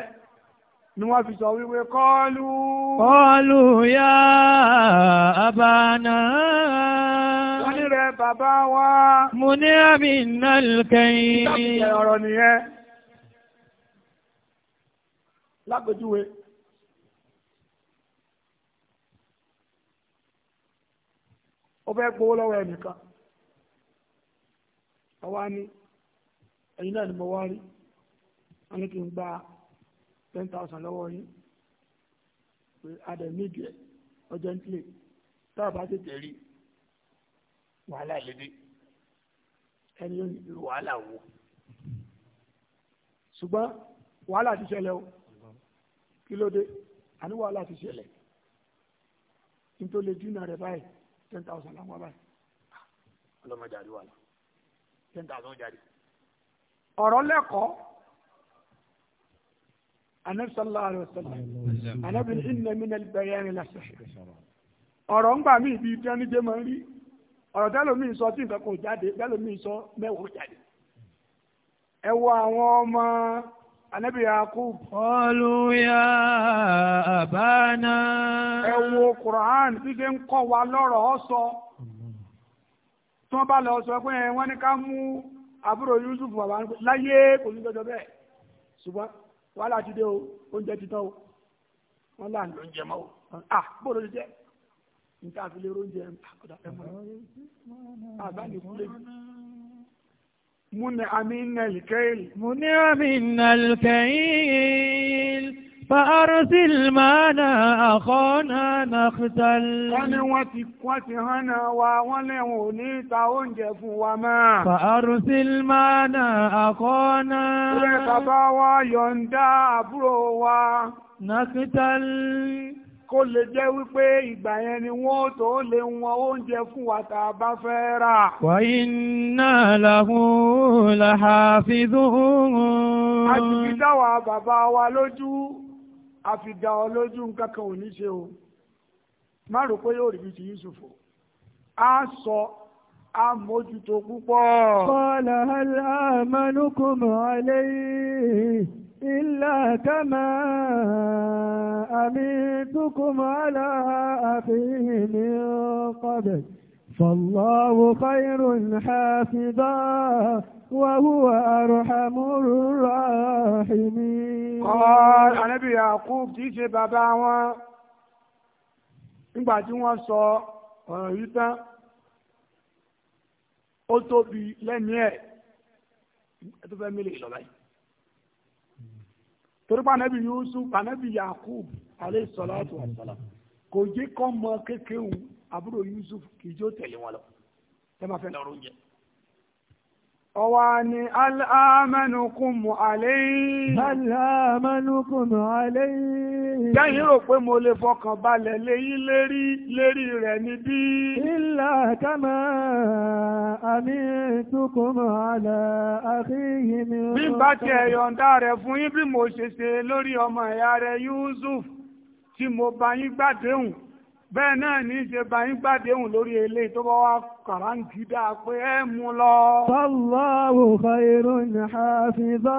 ni wọ́n fi sọ wípé kọ́ọ̀lù. kọ́ọ̀lù yá àbánà. wọ́n ní rẹ̀ bàbá wa. mo ní àmì nàlùkẹ́yìn. ìtàkùn ọ̀rọ̀ nìyẹn. lágbèjúwe. ó fẹ́ gbowó lọ́wọ́ ẹnìkan. àwa ni ẹ̀yin náà ni mo wá rí. wọ́n ní kí n gba ten thousand lọ́wọ́ yín pé adẹ̀mídìí ẹ̀ urgently tá a bá tètè rí wàhálà lédè ẹni yóò nílò wàhálà wo ṣùgbọ́n wàhálà ti ṣẹlẹ̀ o kí ló dé àní wàhálà ti ṣẹlẹ̀ nítorí dínà rẹ̀ báyìí ten thousand làwọn báyìí ah, ọlọ́mọdé àríwá ten thousand jáde ọ̀rọ̀ lẹ́kọ̀ọ́ anabi sallallahu الله عليه وسلم. أنا inna من البيان bayani la sihr ọ̀rọ̀ ń gbà mí ibi ìdánidé máa ń rí ọ̀rọ̀ tẹ́lómi sọ tí nǹkan kan jáde tẹ́lómi sọ mẹ́wàá jáde ẹ wo àwọn ọmọ anabi yakub. ọlù ya àbáná. ẹ wo quran ṣíṣe ń kọ́ wa lọ́rọ̀ ọ tí wọ́n bá lọ sọ pé wọ́n ní ká mú àbúrò yusuf bàbá láyé kò ní gbẹdọ̀ bẹ́ẹ̀ ṣùgbọ́n wàhálà ti dé o oúnjẹ ti tán o wọn là ń lo oúnjẹ mọ́ o à bóòrò ti jẹ́ níta fi lè oúnjẹ àkọ́dà fẹ́ mọ́ àbáni kúlẹ̀ múnẹ̀ àmì nàìjíríà. múnẹ̀ àmì nàìjíríà. فأرسل معنا أخانا نقتل wọ́n wọ́n ti wọ́n ti hánà wa فأرسل معنا أخانا. rẹ̀ bàbá wa yọ̀ǹda àbúrò نقتل. kó lè jẹ́ wípé ìgbà yẹn ni wọ́n tó lè wọn oúnjẹ fún wa bá fẹ́ rà. wa inna lahu lahafidhun. a ti fi dá wa bàbá wa lójú àfi dá ọ lójú nǹkan kan ò ní ṣe o má rò pé yóò rí bí ti Yusuf o á sọ á púpọ̀. qala hal amanukum alayhi illa kama amintukum ala akhihi min qabl. فالله خير حافظا وهو أرحم الراحمين قال النبي يعقوب tí í ṣe bàbá wọn sọ ọ̀rọ̀ yìí tán ó tóbi lẹ́mìí ẹ̀ tó fẹ́ mílẹ̀ ìlọ́lá yìí torí pa ànábì Yusuf ànábì Yakub àbúrò Yusuf kì í jó tẹ̀lé wọn lọ ẹ máa fẹ́ lọ oúnjẹ. ọwọ́ ni aláàmánukùn àlẹ́yìn. aláàmánukùn àlẹ́yìn. jẹ́yìn rò pé mo lè fọkàn balẹ̀ léyìn lérí lérí rẹ̀ níbí. ilà kama àmì tukùn àlà àfihì mi. bí bá tiẹ̀ yọ̀ǹda rẹ̀ fún yín bí mo ṣe ṣe lórí ọmọ ìyá rẹ̀ Yusuf tí mo bá yín gbàdéhùn. bẹ́ẹ̀ náà ní í ṣe báyìí gbàdéhùn lórí ilé tó bá wá kàráǹgídá pé ẹ mú lọ. Allahu khairun hafiza.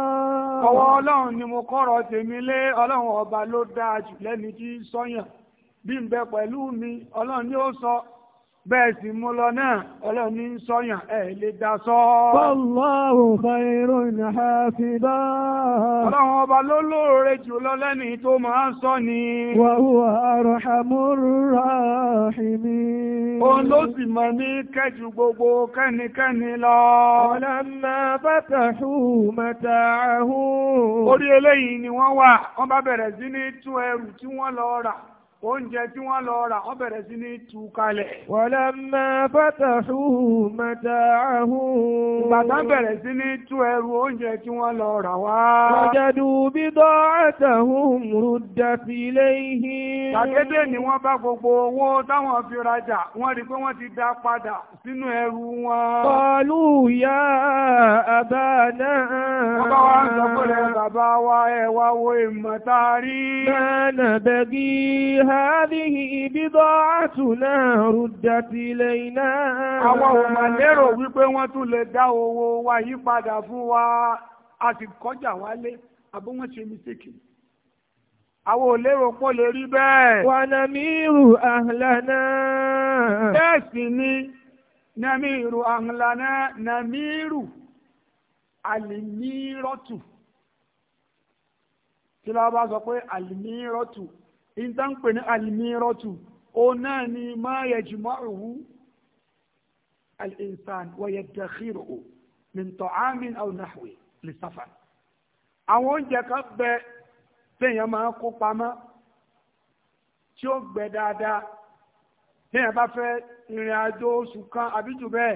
ọwọ́ ọlọ́run ni mo kọ́rọ̀ tèmi lé ọlọ́run ọba ló dáa jù lẹ́ni tí sọ́yàn bí n bẹ pẹ̀lú mi ọlọ́run ni ó sọ bẹ́ẹ̀ sì mú lọ náà ọlọ́run ní sọ́yàn ẹ̀ lè dá sọ́. Wallahu khairun hafiza. ọlọ́run ọba ló lóore jù lọ lẹ́ni tó máa ń sọ ni. wa huwa arhamur rahimin. ló sì mọ̀ ní kẹ́jù gbogbo kẹ́nikẹ́ni lọ. walamma fatahu mata'ahu. orí eléyìí ni wọ́n wà wọ́n bá bẹ̀rẹ̀ sí ní tún ẹrù tí wọ́n lọ rà oúnjẹ tí wọ́n lọ rà wọ́n bẹ̀rẹ̀ sí ní tú kalẹ̀. walamma fatahu mata'ahum. ìgbàdá bẹ̀rẹ̀ sí ní tú ẹrù oúnjẹ tí wọ́n lọ rà wá. wajadu bida'atahum ruddat ilayhim. tàgédé ni wọ́n bá gbogbo owó táwọn fi rajà wọ́n rí pé wọ́n ti dá padà sínú ẹrù wọn. qalu ya abana. wọ́n bá wá ń sọ pé bàbá wa ẹ̀ wá wo ìmọ̀ta rí. bẹ́ẹ̀ هذه بضاعتنا ردت إلينا àwọn ò lérò wípé wọ́n tún lè dá owó wa padà fún wa a wálé àwọn ò pọ̀ lè rí bẹ́ẹ̀. wàhálà mi rù bẹ́ẹ̀ sì ni àlìmírọ́tù tí bá sọ pé àlìmírọ́tù ìtànpẹ̀ ní alìmírọ́tù òun náà ni máa yẹ jùmọ́ òwú alìsàn wọ̀yẹ dàkírò ò mìntọ́ àmì àwọnàwẹ̀ lìsàfà. àwọn oúnjẹ kan bẹ téèyàn máa kó pamọ́ tí ó gbẹ dáadáa téèyàn bá fẹ́ ìrìn àjò oṣù kan àbí jù bẹ́ẹ̀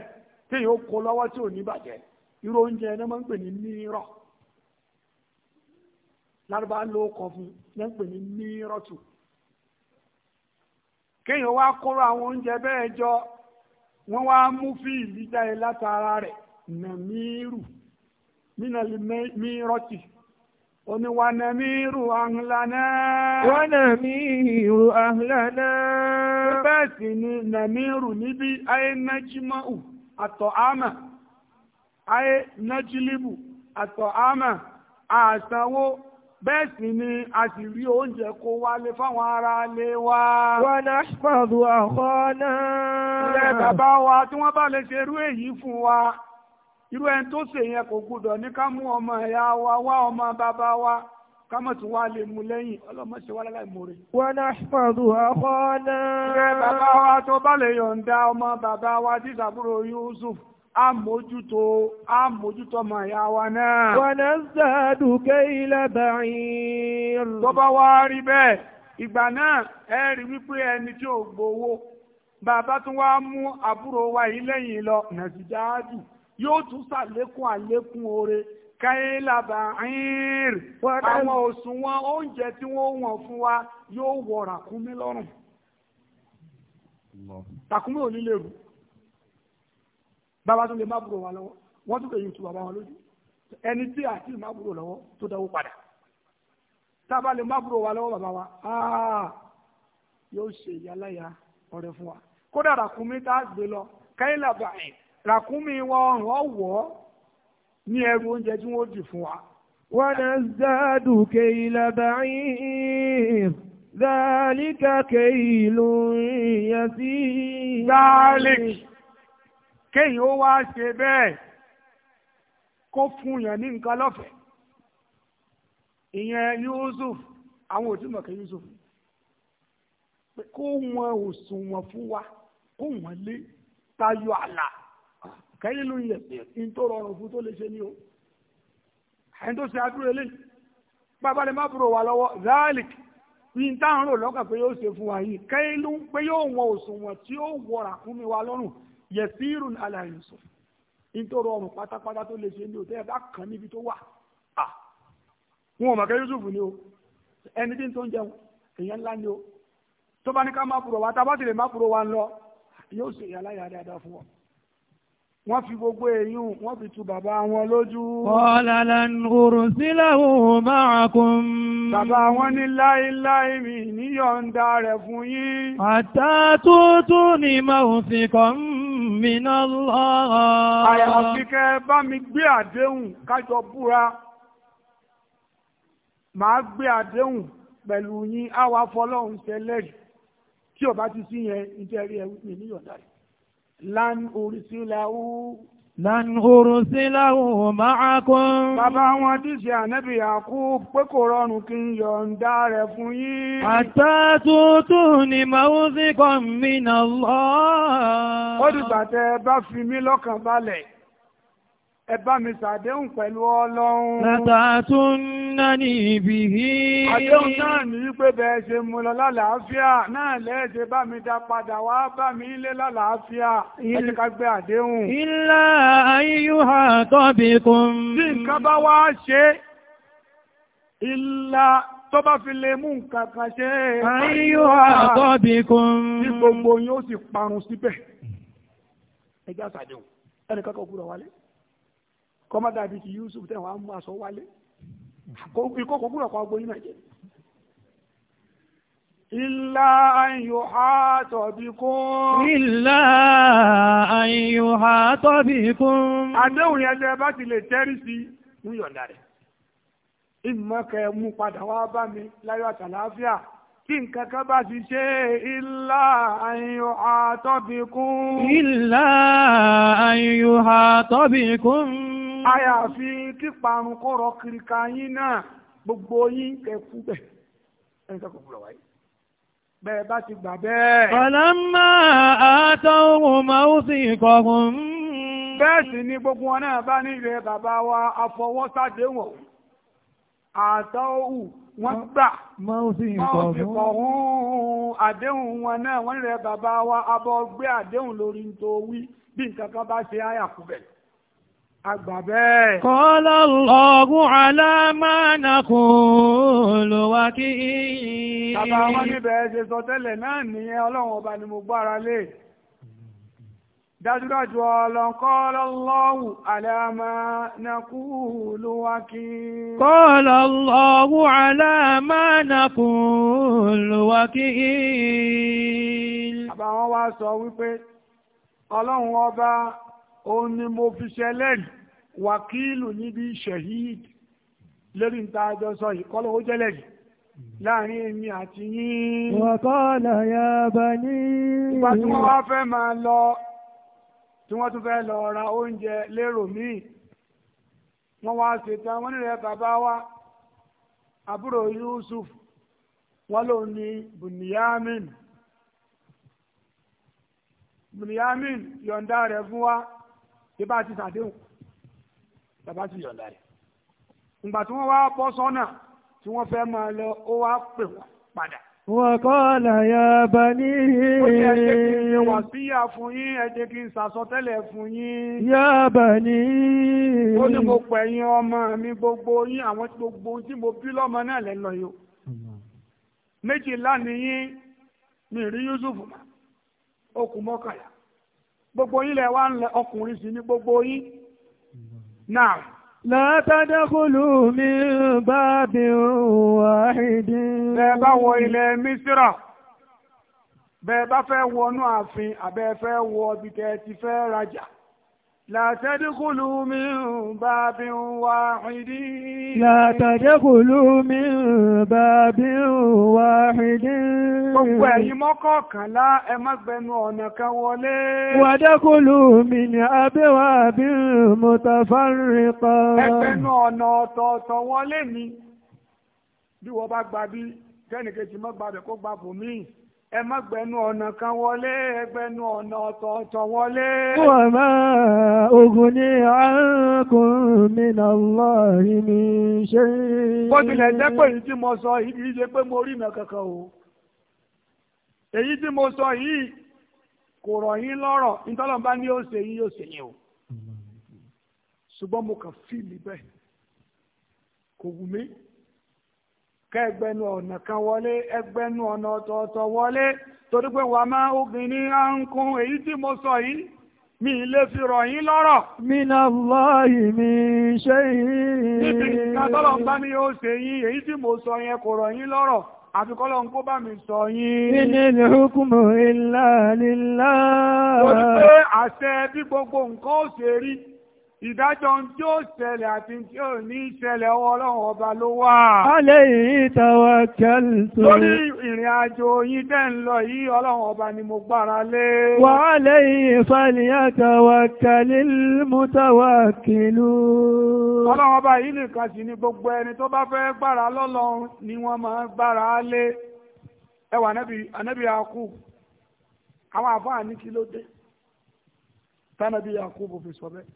téèyàn ó kó lọ́wọ́ tí ò ní bàjẹ́ irú oúnjẹ ẹni máa ń pè ní mírọ̀ lárúbá ló kọ fún ní ń pè ní mírọ̀tù kéèyàn wá kóró àwọn oúnjẹ bẹ́ẹ̀ jọ wọ́n wá mú fíìlì jáde látara rẹ̀ nàmírù mínàlì mírọ́tì oni wa namiru ahlana wa namiru ahlana bẹ́ẹ̀ sì ni níbi ayé najimau àtọ̀ àmà ayé najilibu àtọ̀ ama àsanwó bẹ́ẹ̀ sì ni a sì rí oúnjẹ kó wálé fáwọn ará lé wa wọ́n náà pàdù àkọ́ náà ilẹ̀ bàbá wa tí wọ́n bá lè ṣerú èyí fún wa irú ẹni tó ṣe yẹn kò gbúdọ̀ ní ká mú ọmọ ẹ̀yà wa wá ọmọ bàbá wa kámọ̀ tí wá lè mú lẹ́yìn ọlọ́mọṣẹ́ wá láláì mú rẹ̀. wọ́n náà pàdù àkọ́ náà ilẹ̀ bàbá wa tó bá lè yọ̀ǹda ọmọ bàbá wa tí Yusuf Amójútó Amójútó ma ìyá wa náà. wọ́n zàdù kéìlà bàyìn. tó bá wá rí bẹ́ẹ̀ ìgbà náà ẹ rí wípé ẹni tí ò gbowó bàbá tún wá mú àbúrò wa yìí lẹ́yìn lọ nàìjíríàdù yóò tún sàlékún àlékún oore kéìlà bàyìn. àwọn òṣùwọ̀n oúnjẹ tí wọ́n wọ̀n fún wa yóò wọ̀ ràkúnmí lọ́rùn. ràkúnmí ò ní lè rù. bàbá tó lè má búrò wa lọ́wọ́ wọ́n tún lè yìí tu bàbá wọn lójú ẹni tí àti má búrò lọ́wọ́ tó dáwó padà tábà lè má búrò wa lọ́wọ́ bàbá wa ah, yóò ṣe ìyáláyà ọ̀rẹ́ fún wa kódà ràkúnmí tá a gbé lọ kẹ́hìnlá báyìí ràkúnmí wọn ọ̀rọ̀ wọ̀ ní ẹrù oúnjẹ tí wọ́n dì fún wa. ونزداد كيل بعير ذلك كيل يسير ذلك kéyìn ó wá ṣe bẹ́ẹ̀ kó fún yàn ní nǹkan lọ́fẹ̀ẹ́ ìyẹn Yusuf àwọn òtúmọ̀ kẹ́ Yusuf kó wọn òṣùwọ̀n fún wa kó wọn lé tayọ àlà kẹ́yìn ló ń yẹ pé n tó rọrùn fún tó lè o ẹni tó ṣe adúrú eléyìí má lọ́wọ́ zalik ní táwọn rò lọ́kàn pé yóò ṣe fún wa yìí kẹ́yìn ló ń pé yóò wọn mi wa lọ́rùn yẹsírùn ala Yusuf nítorí ọrùn pátápátá tó lè ṣe ní òtẹ́ ẹ̀dá kan níbi tó wà à wọn ò mọ̀ kẹ́ Yusuf o ẹni tí ń tó ń jẹun èèyàn ńlá ni o tó bá ní ká má purọ́ wa tá a bá má purọ́ wa ń lọ yóò ṣe ìyàláyà dáadáa fún ọ wọ́n fi gbogbo èyún wọ́n fi tu bàbá wọn lójú. ọ̀làlà nùrù sílẹ̀ òun máa kún. bàbá wọn ní láéláé mi níyọ̀ǹda rẹ̀ fún yín. àtàtútù ni màá fi kàn من الله àyàfi bá mi gbé àdéhùn kájọ búra màá gbé àdéhùn pẹ̀lú yín àwa fọlọ́hún ṣẹlẹ́rì tí ó bá ti sí yẹn ẹ̀ wípé lan Lánúhóró sí láhùn máàkún. Bàbá wọn tí ṣe ànẹ́bì Yakub pé kò rọrùn kí n yọ̀ǹda rẹ̀ fún yín. Àtàtútù ni màá sí kọ̀mínà lọ́ọ̀. Ó dìgbà tẹ bá fi mí lọ́kàn balẹ̀ ẹ bá mi ṣàdéhùn pẹ̀lú ọlọ́run. Nàtà tún náà ní ibi yìí. Àdéhùn náà ní wípé bẹ́ẹ̀ ṣe mú lọ lálàáfíà náà lẹ́ẹ̀ṣẹ̀ bá mi dá padà wá bá mi ilé lálàáfíà. Ẹ ti ká gbé àdéhùn. Ilá ayéyúhà tọ́bi kún. Tí nǹkan bá wá ṣe, ilá tó bá fi lè mú nǹkan kan ṣe. Ayéyúhà tọ́bi kún. gbogbo yóò sì parun síbẹ̀. Ẹ já ṣàdéhùn. Ẹnì kankan kúrò wálé kọ́má dàbí ti Yusuf tẹ̀ wọ́n á mú aṣọ wálé ìkókò gbúdọ̀ kọ́ gbóyún náà jẹ́ Ìlà àyùhá tọ̀bí kún. Ìlà àyùhá tọ̀bí kún. Àdéhùn yẹn lẹ bá ti lè tẹ́rí sí ń yọ̀ǹda rẹ̀. Ìmọ̀kẹ́ mú padà wá bá mi láyọ̀ àtàláfíà. Tí nǹkan kan bá ti ṣe ìlà àyùhá tọ̀bí kún. Ìlà àyùhá tọ̀bí kún àyàfi kíparun kọ́rọ̀ kiriká yín náà gbogbo yín kẹkú bẹ̀ ẹni sọ́kò gbúdọ̀ wáyé bẹ́ẹ̀ bá ti gbà bẹ́ẹ̀. ọ̀làmà àtọ̀hún máa sì kọ̀ọ̀kan. bẹ́ẹ̀ sì ni gbogbo wọn náà bá nílẹ̀ bàbá wa àfọwọ́sádéwọ̀n àtọ́hù wọ́n gbà máa sì kọ̀ọ̀hún àdéhùn wọn náà wọ́n nílẹ̀ bàbá wa abọ́ gbé àdéhùn lórí ntòwí bí nǹkan kan bá ṣe áyà kú bẹ̀rẹ̀. Àgbà bẹ́ẹ̀. Kọ́lá lọ́gùn alámánàkùn ló wá kí yìí. Bàbá wọn níbẹ̀ ṣe sọ tẹ́lẹ̀ náà nìyẹn ọlọ́run ọba ni mo gbára lé. Dájúdájú ọlọ́n kọ́lá lọ́gùn alámánàkùn kí. Kọ́lá lọ́gùn alámánàkùn ló wá kí yìí. Bàbá wọn wá sọ wípé ọlọ́run ọba òun ni mo fi ṣe ẹlẹ́rìí wàkílù níbi ṣẹ̀híd lórí níta àjọ sọ yìí kọ́lọ́ ó jẹ́lẹ̀rìí láàrin èmi àti yín. wàkọ́lá ya bá ní. ìgbà tí wọ́n wá fẹ́ máa lọ tí wọ́n tún fẹ́ lọ ra oúnjẹ wa àbúrò Yusuf wọ́n lòun ní Bùnìyàmín Bùnìyàmín yọ̀ǹda rẹ̀ wa. tí bá ti sàdéhùn bàbá ti yọ̀ǹda rẹ̀ ìgbà tí wọ́n wá bọ́ sọ́nà tí wọ́n fẹ́ máa lọ ó wá pè wọ́n padà. wọ́n kọ́ làyà bá ní. ó ní ẹ̀jẹ̀ kí n ṣe wàsíyà fún yín ẹ̀jẹ̀ kí n ṣàsọtẹ́lẹ̀ fún yín. yá bà ní. ó ní mo pè yín ọmọ mi gbogbo yín àwọn gbogbo tí mo bí lọ́mọ náà lẹ́nu yìí. méjìlá nìyí mi rí Yusuf mọ́ okùn mọ́kànlá. gbogbo yín lẹ wá ń lẹ ọkùnrin sí ní gbogbo yín náà. látàdàkùlù mi bá bí wàhídì. bẹ́ẹ̀ bá wọ ilẹ̀ mísírà bẹ́ẹ̀ bá fẹ́ wọnú ààfin àbẹ́ẹ̀ fẹ́ wọ ibi ti fẹ́ rajà. لا تدخلوا من باب واحد لا تدخلوا من باب واحد gbogbo ẹ̀yin mọ́kọ̀ọ̀kànlá ẹ má gbẹnu ọ̀nà kan wọlé. وادخلوا من أبواب متفرقة. ẹ gbẹnu ọ̀nà ọ̀tọ̀ọ̀tọ̀ wọlé ni bí wọ́n bá gbà bí kẹ́nìkejì mọ́ gbàbẹ̀ kó gbà bòmíì. ẹ má gbẹnu ọ̀nà kan wọlé ẹ gbẹnu ọ̀nà ọ̀tọ̀ọ̀tọ̀ wọlé. wa ni ughni ankum minallahi min shay'. bó tilẹ̀ jẹ́ pé èyí tí mo sọ yìí kì ṣe pé mo rí ìmọ̀ kankan o èyí tí mo sọ yìí kò rọ̀ yín lọ́rọ̀ yóò ṣe o ṣùgbọ́n mo kàn bẹ́ẹ̀ kẹgbẹnu ọ̀nà kan wọlé ẹgbẹnu ọ̀nà ọ̀tọ̀ọ̀tọ̀ wọlé torí pé wàá máa obìnrin á ń kún èyí tí mo sọ yìí mi lè fi rọ̀ yín lọ́rọ̀. mina Allahi mi ṣe yìí. níbi ìgbà tọ́lọ̀ ń bá mi yóò ṣe yín èyí tí mo sọ yẹn kò rọ̀ yín lọ́rọ̀ àfi kọ́lọ̀ ń kó bá mi sọ yín. inú ni hukumu illa lillah. mo ti pé àṣẹ bí gbogbo nǹkan ó ṣe rí ìdájọ́ ohun tí ó ṣẹlẹ̀ àti tí ó ní ṣẹlẹ̀ ọwọ́ ọlọ́run ọba ló wà. alẹ́ yìí tàwa kẹ́lùtù. lórí ìrìn àjò yín tẹ́ ń lọ yìí ọlọ́run ọba ni mo gbára lé. wà á lẹ́yìn ìfàlìyà tàwa kàlílmùtàwà kìlú. ọlọ́run ọba yìí nìkan sì ni gbogbo ẹni tó bá fẹ́ gbára lọ́lọ́run ni wọ́n máa gbára lé. ẹ wà ànábì Yakub àwọn àfáà ní ló dé tánàbí Yakub fi sọ bẹ́ẹ̀.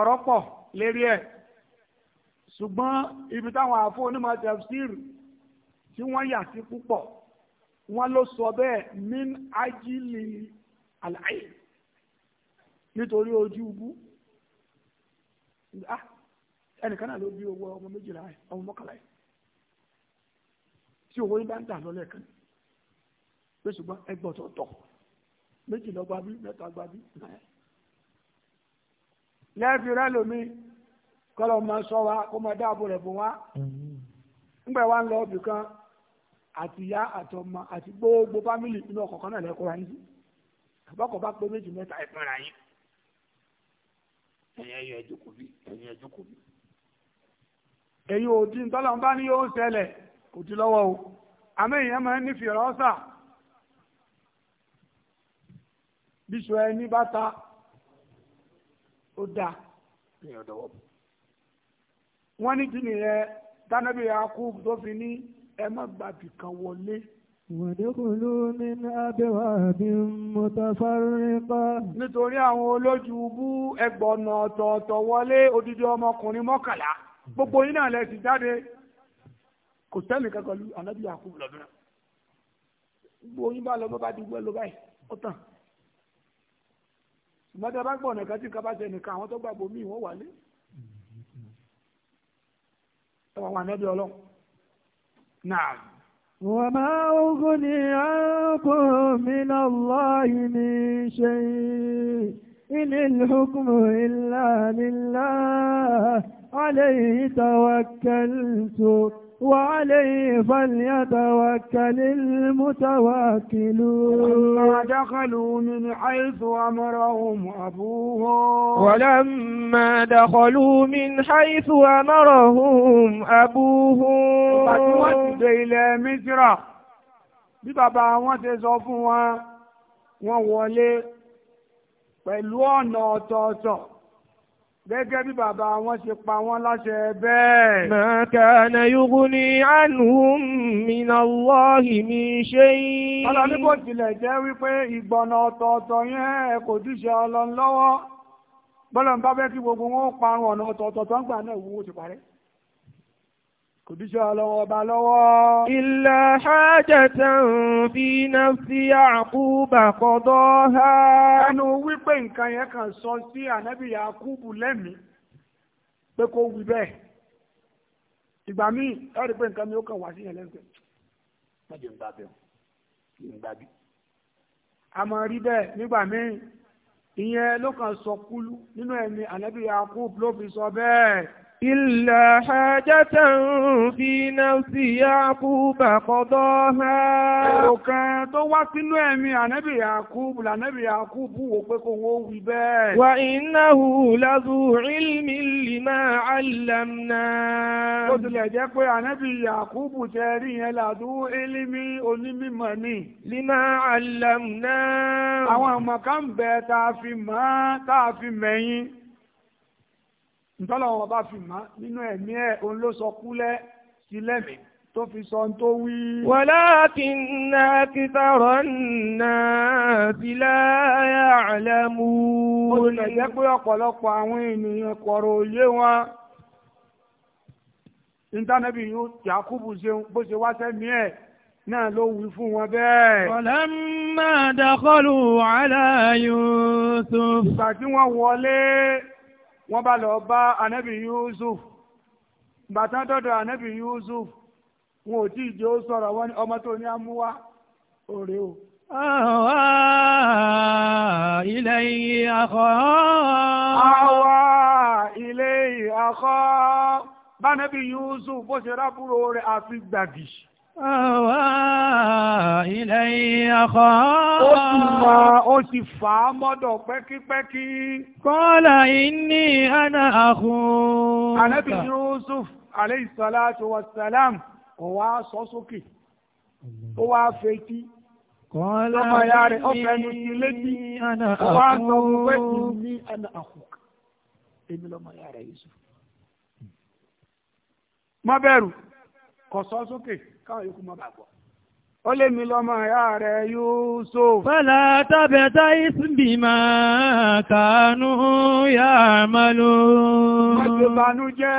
ọ̀rọ̀ pọ̀ lérí ṣùgbọ́n ibi táwọn àfọ onímọ̀ tí wọ́n yà sí púpọ̀ wọ́n ló sọ bẹ́ẹ̀ min ajili alayi nítorí ojú ubú ah, ẹnìkan náà ló bí owó ọmọ méjìlá ẹ ọmọ mọ́kànlá ẹ tí owó yín bá ń dà lọ́lẹ̀ kan pé ṣùgbọ́n ẹgbọ́n tó tọ̀ méjìlá bí mẹ́ta bí náà lẹ́ẹ̀fi rẹ lómi kọ́lọ́ máa sọ wa kó máa dáàbò rẹ̀ bò wá ńgbà wa ń lọ ibì kan àtìyá àtọmọ àti gbogbo fámìlì inú ọkọ̀ kan náà lẹ́kọ́ wa yín àbọ̀kọ̀ bá pé méjì mẹ́ta ìpínra yín ẹ̀yin ẹ̀yọ ẹ̀jókòó bí ẹ̀yin ẹ̀jókòó bí. èyí ò dín tọ́lọ̀ ń bá ní yóò ṣẹlẹ̀ kò dín lọ́wọ́ o àmọ́ èèyàn máa ń ní fìrọ́ sà bíṣọ ẹni bá ta ó dáa ní ọ̀dọ̀ wọ̀. wọ́n ní kí nìyẹn dánábì yakub tó fi ní ẹ má gbàbì kan wọlé. wàdíkùlù mi ní abẹ́wà bí mo ta fárípa. nítorí àwọn olójú bú ẹgbọ̀nà ọ̀tọ̀ọ̀tọ̀ wọlé odidi ọmọkùnrin mọ́kànlá gbogbo yín náà lẹ ti jáde kò sẹ́ni kankan lu ànábì yakub lọ́dún náà gbogbo yín bá lọ bá bá dìgbò lọ báyìí ó tàn ṣùgbọ́n tí a bá gbọ́ ọ̀nà kan tí nǹkan bá ṣe nìkan àwọn tó gbàgbọ́ míì wọ́n wálé ẹwà wà nẹ́bí ọlọ́run náà. wọ́n máa ń gún ní ààbò mi lọ́lọ́ ṣe ilé ìlúkùn ìlànà ìlànà àlẹ́ ìtawakkaltu. وعليه فليتوكل المتوكلون لما دخلوا من حيث أمرهم أبوهم ولما دخلوا من حيث أمرهم أبوهم فاتوجد إلى مصر bí bàbá wọn ṣe sọ gẹ́gẹ́ bí bàbá wọn ṣe pa wọ́n láṣẹ bẹ́ẹ̀. ma kana yughni anhum min Allahi min shay. ọlọ́run ní kò tilẹ̀ jẹ́ wípé ìgbọ̀nà ọ̀tọ̀ọ̀tọ̀ yẹn kò díṣe ọlọ́run bọ́lá ń bá bẹ́ẹ̀ kí gbogbo wọn ó parun ọ̀nà ọ̀tọ̀ọ̀tọ̀ tó ń gbà náà ìwúwo ti parẹ́ kòdíṣọ́ ọlọ́wọ́ ọba lọ́wọ́. Illa hajatan fi nafsi Yaquba qadaha. Ẹnu wípé nǹkan yẹn kan sọ sí ànábì Yakubu lẹ́mí pé kó wí bẹ́ẹ̀. Ìgbà míì ẹ̀rí pé nǹkan mi ó kàn wá sí yẹn lẹ́sẹ̀. Má jẹun gbà bẹ́ẹ̀ kí n gbà A máa rí bẹ́ẹ̀ nígbà míì ìyẹn ló kàn sọ kúlú nínú ẹ̀mí ànábì Yakubu ló fi sọ bẹ́ẹ̀. إلا حاجة في نفس يعقوب قضاها. Ọ̀kan tó wá sínú ẹ̀mí ànábì Yàkúbù lànábì Yàkúbù wò pé kò wọ́n wí bẹ́ẹ̀. وإنه لذو علم لما علمناه. Ó tilẹ̀ jẹ́ pé ànábì Yàkúbù tẹ rí yẹn لذو علم onímọ̀ ni. لما علمناه. Àwọn àmọ̀ká ń bẹ tá a fi mọ̀ tá a fi mẹ̀yìn ntọ́lọ́wọ́ bá fi mọ́ nínú ẹ̀mí ẹ̀ òun ló sọ kúlẹ̀ sí lẹ́mìí tó fi sọ ń tó wí. walakinna akthara nnasi la ya'lamun. ó lè jẹ́ pé ọ̀pọ̀lọpọ̀ àwọn ènìyàn kọ̀rọ̀ òye wọn. intanẹ́bì yóò Yakubu ṣeun bó ṣe wá sẹ́mi ẹ̀ náà ló wí fún wọn bẹ́ẹ̀. falamma dakhalu ala Yusuf. ìgbà tí wọ́n wọlé wọ́n bá lọ bá anabi yusuf bàtà dọ́dọ̀ anabi yusuf wọn ò tí ì jẹ́ ó sọ̀rọ̀ wọn ọmọ tó ní amúwá òrè o. àwa ilé akọ́. àwa ilé akọ́. bá anabi yusuf bó ṣe rábúrò rẹ̀ àfi gbàgì àwa ilẹ̀ ìyàkọ́. ó sì mọ ó sì fà á mọ́dọ̀ pẹ́kípẹ́kí. kọ́lá ìní àná àkùn. ànábì Yusuf alayhi salatu wassalam kò wá sọ sókè ó wá fetí ọmọ ya àná àkùn èmi lọ́mọ ya Yusuf. má bẹ̀rù kò sọ sókè káwọn yòókù mọ́ bàgbọ́ ó lé mi lọ́mọ ìyá rẹ̀ Yusuf. Fẹ́lá tàbẹ̀ tá ìsìnbì máa kàánú yà mọ́lú. Àjọ̀bánú jẹ́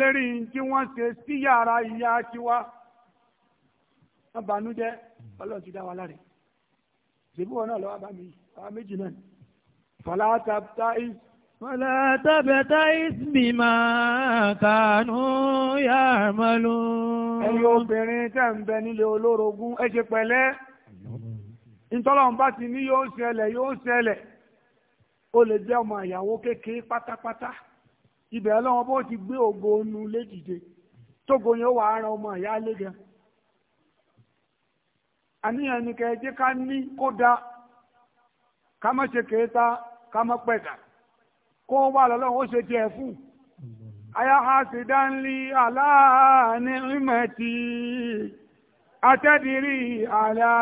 lérí tí wọ́n ṣe sí yàrá ìyá tiwa. Wọ́n bánú jẹ́ ọlọ́run ti dá wa láre. Ṣèbí náà lọ́wọ́ bá mi, àwa méjì náà. Fẹ́lá tàbẹ̀ tá ولا تبتئس بما كانوا يعملون ẹ̀yin obìnrin tẹ́ ń olórogún ẹ pẹ̀lẹ́ ìtọ́lọ́run ti ní yóò ṣẹlẹ̀ yóò ṣẹlẹ̀ ó lè jẹ́ ọmọ bó ti gbé ògo wà á ran ọmọ ìyá àníyàn ni ká ní kó ká má ṣe kó wà lọ́lọ́run ó ṣe tiẹ̀ fún aya hasidanli aláàánú ìmọ̀tì atẹ́dìrí àlá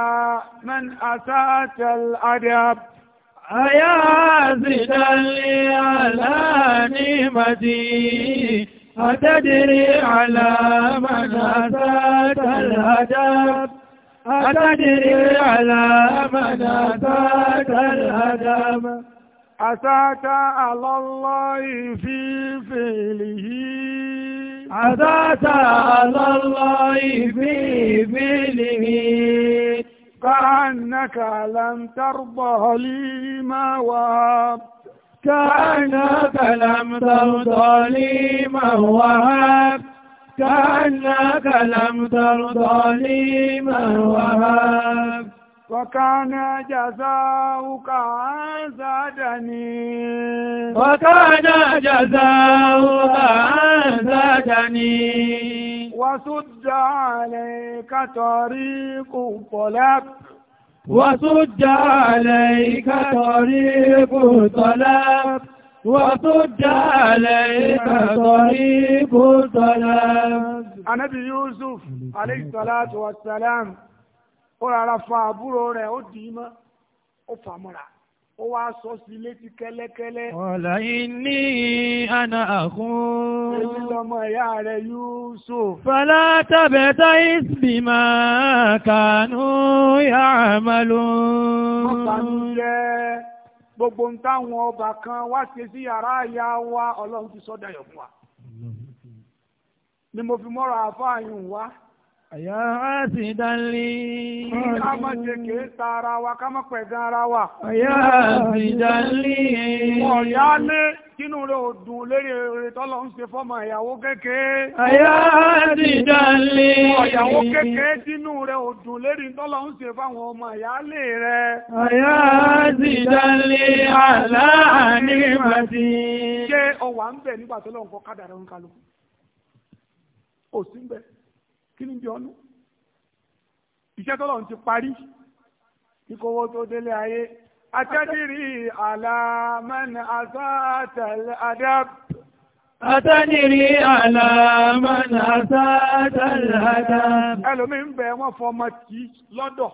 man asáàtẹ̀l adab. aya hasidanli aláàánú ìmọ̀tì atẹ́dìrí àlá man asáàtẹ̀l adab. أتدري على من أتاك الأدب أتاك على الله في فعله أتاك على الله في فعله كأنك لم ترضى لي ما وهبت كأنك لم ترضى لي ما وهبت كأنك لم ترضى لي ما وهبت وكان جزاؤك أن زادني وكان جزاؤك أن زادني وسد عليك طريق طلب وسد عليك طريق طلب وسد عليك طريق طلب النبي يوسف عليه الصلاة والسلام ó fa àbúrò rẹ̀ ó dì í mọ́ ó fà ó wá sọ sí létí kẹ́lẹ́kẹ́lẹ́. ọ̀la ní àna àkún. èmi lọmọ ìyá rẹ̀ Yusuf. fàlà tàbẹ̀ táyìs bímọ kànú yàmàlú. gbogbo ń ọba kan wá ṣe sí yàrá wa ọlọ́run ti sọ́dọ̀ ẹ̀yọ̀ fún ni mo fi mọ́ra wá. Àyà àti dánlé. Ká má ṣe kìí ta ara wa, ká má pẹ̀gàn ara wa. Àyà àti dánlé. Ọ̀yá ní kínú rẹ̀ ò dùn lérí èrè tọ́lọ̀ ń ṣe fọ́mọ ìyàwó kékeré. Àyà àti dánlé. Ọ̀yàwó kékeré kínú rẹ̀ ò dùn lérí tọ́lọ̀ ń ṣe fáwọn ọmọ ìyáálé rẹ̀. Àyà àti dánlé aláàánú màtí. Ṣé ọwà ń bẹ̀ nígbà tó lọ́nkọ́ kádàrá ń kálukú? Ò kí ni bí ọnu iṣẹ́ tọ́lọ̀ ti parí kíkówó tó délé ayé atẹ́dìrí àlàmánà àsáàtàlẹ̀ adab. atẹ́dìrí àlàmánà àsáàtàlẹ̀ adab. ẹlòmí ń bẹ wọn fọmọ tí lọ́dọ̀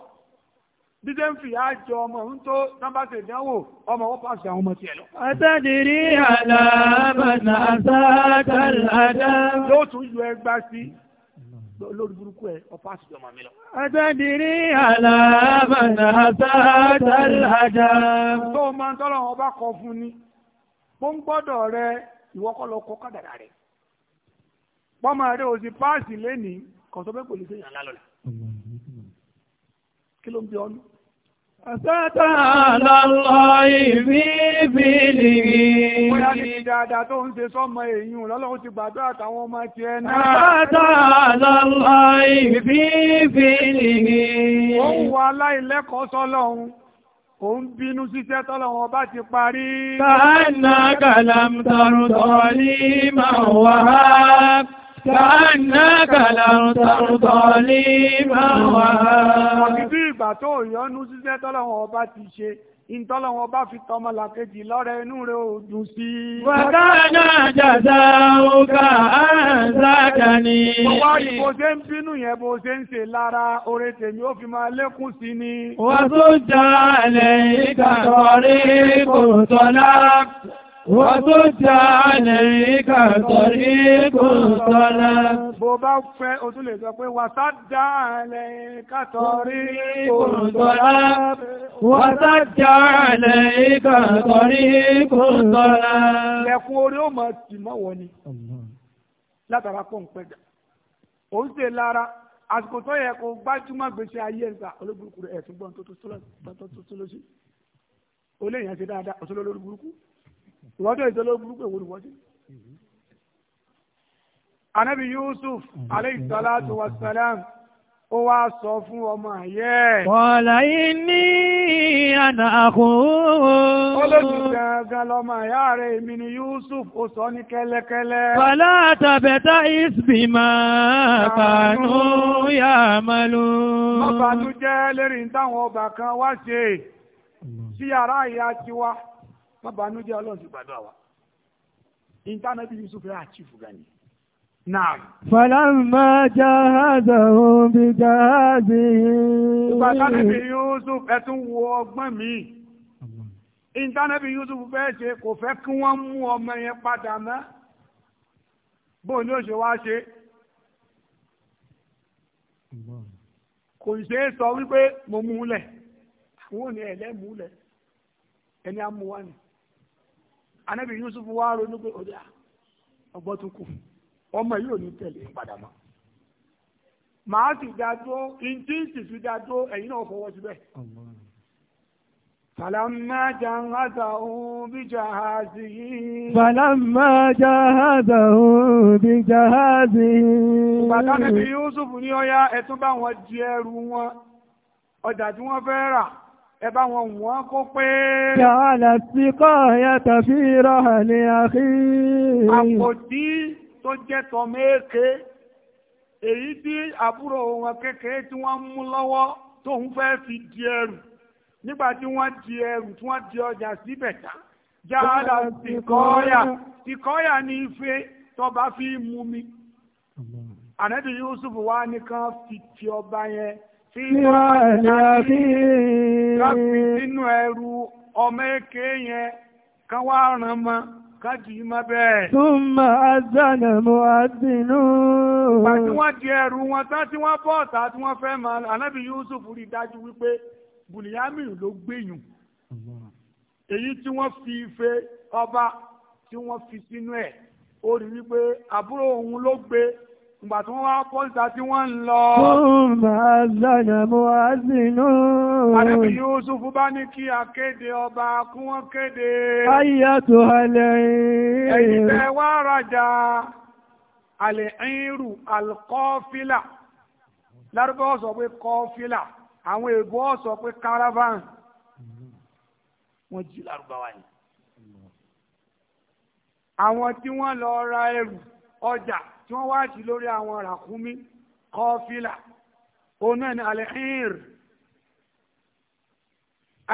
dídé ń fi àjọ ọmọ ń tó tábàtì ìdánwò ọmọ wọ́n pàṣẹ àwọn ọmọ tí ẹ lọ. atẹ́dìrí àlàmánà àsáàtàlẹ̀ adab. lóòtú yọ ẹgbàá sí olórí burúkú ẹ ọ̀pá àtijọ́ màmí lọ. Àtẹ́dìrí àlàáfàdà àtàlájà. Tó o máa ń tọ́lọ̀ wọn bá kọ fún ni, mo ń gbọ́dọ̀ rẹ ìwọ lọ kọ́ kádàrà rẹ̀. Pọ́mọ rẹ̀ ò sì páàsì lénìí, kọ̀sọ́ pé kò lè ṣe yàn Kí ló ń bí ọ́nú? Àṣẹ́ta lọ́lọ́ ìbí ìbílì rí. Bóyá ní dáadáa tó ń ṣe sọ́mọ èyí lọ́lọ́run ti gbàdúrà àtàwọn ọmọ ti ẹni. Àṣẹ́ta lọ́lọ́ ìbí ìbílì rí. Ó ń wọ aláìlẹ́kọ̀ọ́ sọ́lọ́run. Ó ń bínú síṣẹ́ tọ́lọ́wọ́ bá ti parí. Káà náà kàlàmtàrù tọ́lí máa wà á. Káàkà lọ́tọ̀ọ̀tọ̀ ní máa wà. Ọ̀títí ìgbà tó yọnú síṣẹ́ tọ́lọ́wọ́n ọba ti ṣe, ìtọ́lọ́wọ́n ọba fi tọmọ làkejì lọ́rẹ inú rẹ̀ ò dùn sí. Wàtá náà jà Bó bá fẹ́ o tún lè sọ pé wàtádà lẹ́yìn kàtọ̀rí kùrùntọ́lá. Wàtádà lẹ́yìn kàtọ̀rí kùrùntọ́lá. Lẹ̀kùn orí ó mọ̀ tì mọ́wọ́ ni. Látara kó ń pẹ́jà. Ó ń ṣe lára àsìkò tó yẹ kó gbájúmọ́ gbèsè ayé ẹ̀gbà olóburúkú rẹ̀ ẹ̀sùn gbọ́n tó tó tó lọ́sí. Olé ìwọ́dọ̀ ìtọ́lọ́ burúkú èwo ni wọ́n ṣe. anabi yusuf aleyhi salatu wa salam ó wá sọ fún ọmọ ayẹ́. wọ́lá yìí ní àná àkùnrin. olóòtú gangan lọmọ àyá rẹ̀ èmi ni yusuf ó sọ ní kẹ́lẹ́kẹ́lẹ́. wàlá àtàbẹ̀tà ìsbìmọ̀ kànú malu. mẹ́lú. mọ́bàánú jẹ́ lérí táwọn ọba kan wá ṣe sí yàrá ìyá tiwa má banújẹ́ ọlọ́run sì gbàdúrà wa ìntánẹ́tì yusuf rẹ̀ àchífù gan ni. Naam. Fàlámà jahazahum bí jahazi. Ìgbàdánẹ́bí Yusuf ẹ̀tún wo ọgbọ́n mi. Ìntánẹ́bí Yusuf fẹ́ ṣe kò fẹ́ kí wọ́n mú ọmọ yẹn padà mọ́. Bó ni ó wá ṣe? Kò ṣe é sọ wípé mo múlẹ̀. Àwọn ò ní ẹ̀lẹ́ múlẹ̀. Ẹni á mú wá ni anabi yusuf wá ronú pé ọdẹ ọgbọ́n tó kù ọmọ yìí ò ní tẹ̀lé padà mọ́ màá sì dá dúró ìdí sì fi dá dúró ẹ̀yin náà fọwọ́ síbẹ̀. فلما جهزهم بجهازهم فلما جهزهم بجهازهم bàtà níbi yusuf ní ọyá ẹ tún bá wọn di ẹrù wọn ọjà tí wọ́n fẹ́ rà ẹbá wọn wọ́n kó pé jàálà sí kọ́ yàtọ̀ fi rọ̀hà ní àkí àpòtí tó jẹ́ tọ́mẹ́ẹ̀kẹ́ èyí tí àbúrò wọn kékeré tí wọ́n mú lọ́wọ́ tó ń fẹ́ fi di ẹrù nígbà tí wọ́n di ẹrù tí wọ́n di ọjà síbẹ̀ tá jàálà sí kọ́ọ̀yà sí kọ́ọ̀yà ní ife tó fi mú mi ànẹ́bí Yusuf wa nìkan fi ti ọba yẹn tí wọ́n náà fi kápì sínú ẹrù ọmọ èké yẹn ká wá ràn mọ́ kájì má bẹ́ẹ̀. Súnmọ́ àzánà mú àdínú. Pàtí wọ́n di ẹrù wọn tán tí wọ́n bọ́ ọ̀tá tí wọ́n fẹ́ máa ànábì Yusuf rí dájú wípé Bùnìyàmìn ló gbẹ̀yùn. Èyí tí wọ́n fi ife ọba tí wọ́n fi sínú ẹ̀ ó rí wípé àbúrò òun ló gbé Ìgbà tí wọ́n wá pọ́lìta tí wọ́n ń lọ. Ọmọ aláyà mọ́ àzìnú. Adébí Yusuf bá ní kí a kéde ọba kí wọ́n kéde. Ayé tó halẹ̀ ẹ̀yìn tẹ́ wá rajà alẹ̀ ẹ̀rù alkọ́fílà. Lárúbọ́ sọ pé kọ́fílà, àwọn èèbó sọ pé caravan. Wọ́n jí lárúbáwá yìí. Àwọn tí wọ́n lọ ra ẹrù ọjà tí wọ́n wá sí lórí àwọn ràkúnmí kọfílà òun náà ni alẹ́hìr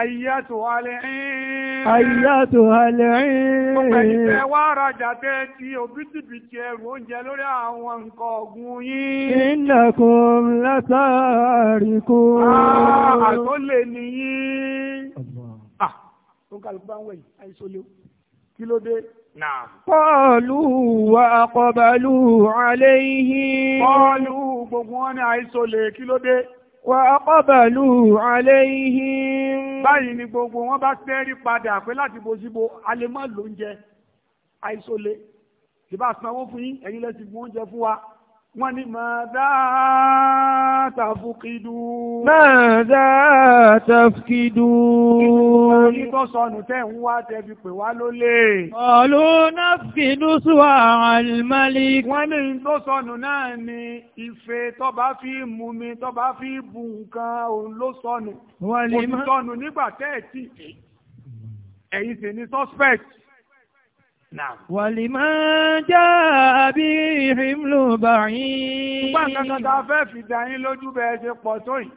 ayyátò alẹ́hìr ayyátò alẹ́hìr ọ̀pẹ̀lẹ̀ wá rajà tẹ́ ti òbítíbitì ẹrù oúnjẹ lórí àwọn nǹkan ọ̀gùn ah, ah, yìí ìnàkùn látàríkùn àtólè nìyí Kọlu wa akọbalu aléhì. Kọlu gbogbo wọn ni àìsọ lè kí ló dé. Wa akọbalu aléhì. Báyìí ni gbogbo wọn bá tẹ́rí padà pé láti bojúbo alẹ́mọ́ lóúnjẹ àìsọ lè. Ìbá sanwó fún yín, ẹ̀yin lẹ́sìn oúnjẹ fún wa wọ́n ní máa dáa tàfúkìdú. máa dáa tàfúkìdú. ìgbà tó sọnù tẹ́ ń wá tẹ́bi pè wá ló lè. ọ̀lú náfìdú síwá àlìmálì. wọ́n ní tó sọnù náà ni ife tó bá fi mú mi tó bá fi bù nǹkan òun ló sọnù. wọ́n lè má. òun sọnù nígbà tẹ́ẹ̀ tí sì ni suspect. Wàlìmọ́ ìhìmlò bàyín. Nígbà kankan ta fẹ́ fìdá yín lójú bẹ́ẹ̀ ṣe pọ̀ tó yìí.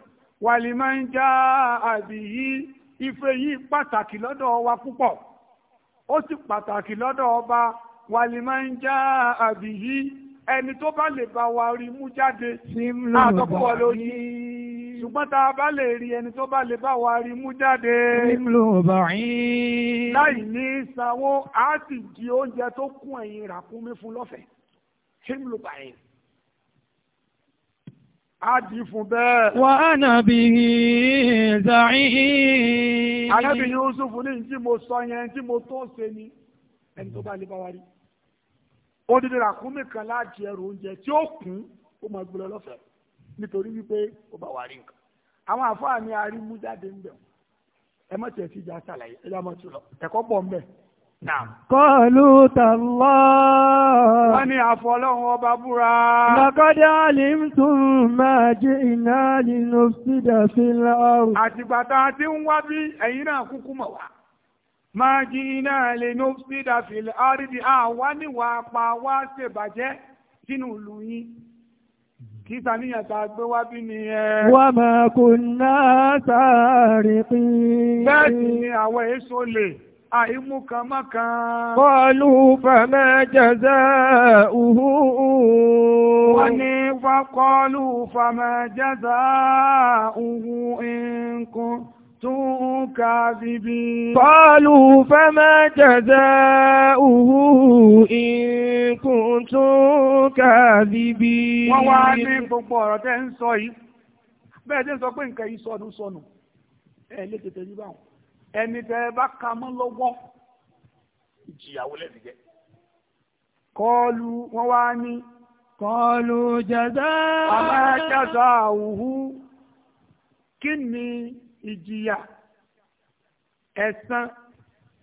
Wàlìmọ́ yìí ife yìí pàtàkì lọ́dọ̀ wa púpọ̀. Ó sì pàtàkì lọ́dọ̀ ọba wàlìmọ́ yìí ẹni tó bá lè bá wa rí mú jáde. Àtọ́kùwọ̀ ṣùgbọ́n tá a bá lè rí ẹni tó bá lè bá wa rí mú jáde. nílò bàyín. láì ní sanwó a sì di oúnjẹ tó kún ẹ̀yìn ràkúnmí fún lọ́fẹ̀ẹ́. a dì fún bẹ́ẹ̀. wà á nàbí zàyìn. àyẹ̀bí Yusuf ní tí mo sọ yẹn tí mo tó ṣe ni ẹni tó bá lè bá wa rí. ó dídí ràkúnmí kan láti ẹrù oúnjẹ tí ó kún ó máa gbé lọ́fẹ̀ẹ́ nítorí wípé ó bá wà rí nǹkan àwọn àfáà ni arímú jáde ń bẹ̀ ẹ mọ̀ tẹ̀ sí ìjà sàlàyé ẹ dámọ̀ tó lọ ẹ̀kọ́ pọ̀ ń bẹ̀. Kọlu tàlọ́. Wọ́n ní àfọlọ́hun ọba búra. Lọ́kọ́dá àlìmtún máa jí iná nínú sídà sí lọ́rùn. Àtìgbàtà tí ń wá bí ẹ̀yin náà kúkú mọ̀ wá. Máa jí iná nínú sídà sí lọ́rùn. Àwa níwà pa wá ṣèbàjẹ́ sínú ìlú yín kí sàníyàn ta gbé wá bí ni ẹ. wà máa kò náà sáré pín. bẹ́ẹ̀ sì ni àwọn èso lè àìmú kan má kan. kọlu fama jaza'uhu. wọ́n ní wọ́n kọlu fama لستم كاذبين قالوا فما جزاؤه إن كنتم كاذبين wọ́n wá ní gbogbo ọ̀rọ̀ tẹ́ ń sọ yìí bẹ́ẹ̀ tẹ́ ń sọ pé nǹkan yìí sọnù sọnù ẹ̀ lè tètè yí báwọn ẹni tẹ́ bá ka mọ́ lọ́wọ́ ìjìyàwó lẹ́nu jẹ́ kọlu wọ́n wá ní kọlu jaza àmọ́ jaza òhu kí ni ìjìyà ẹ̀san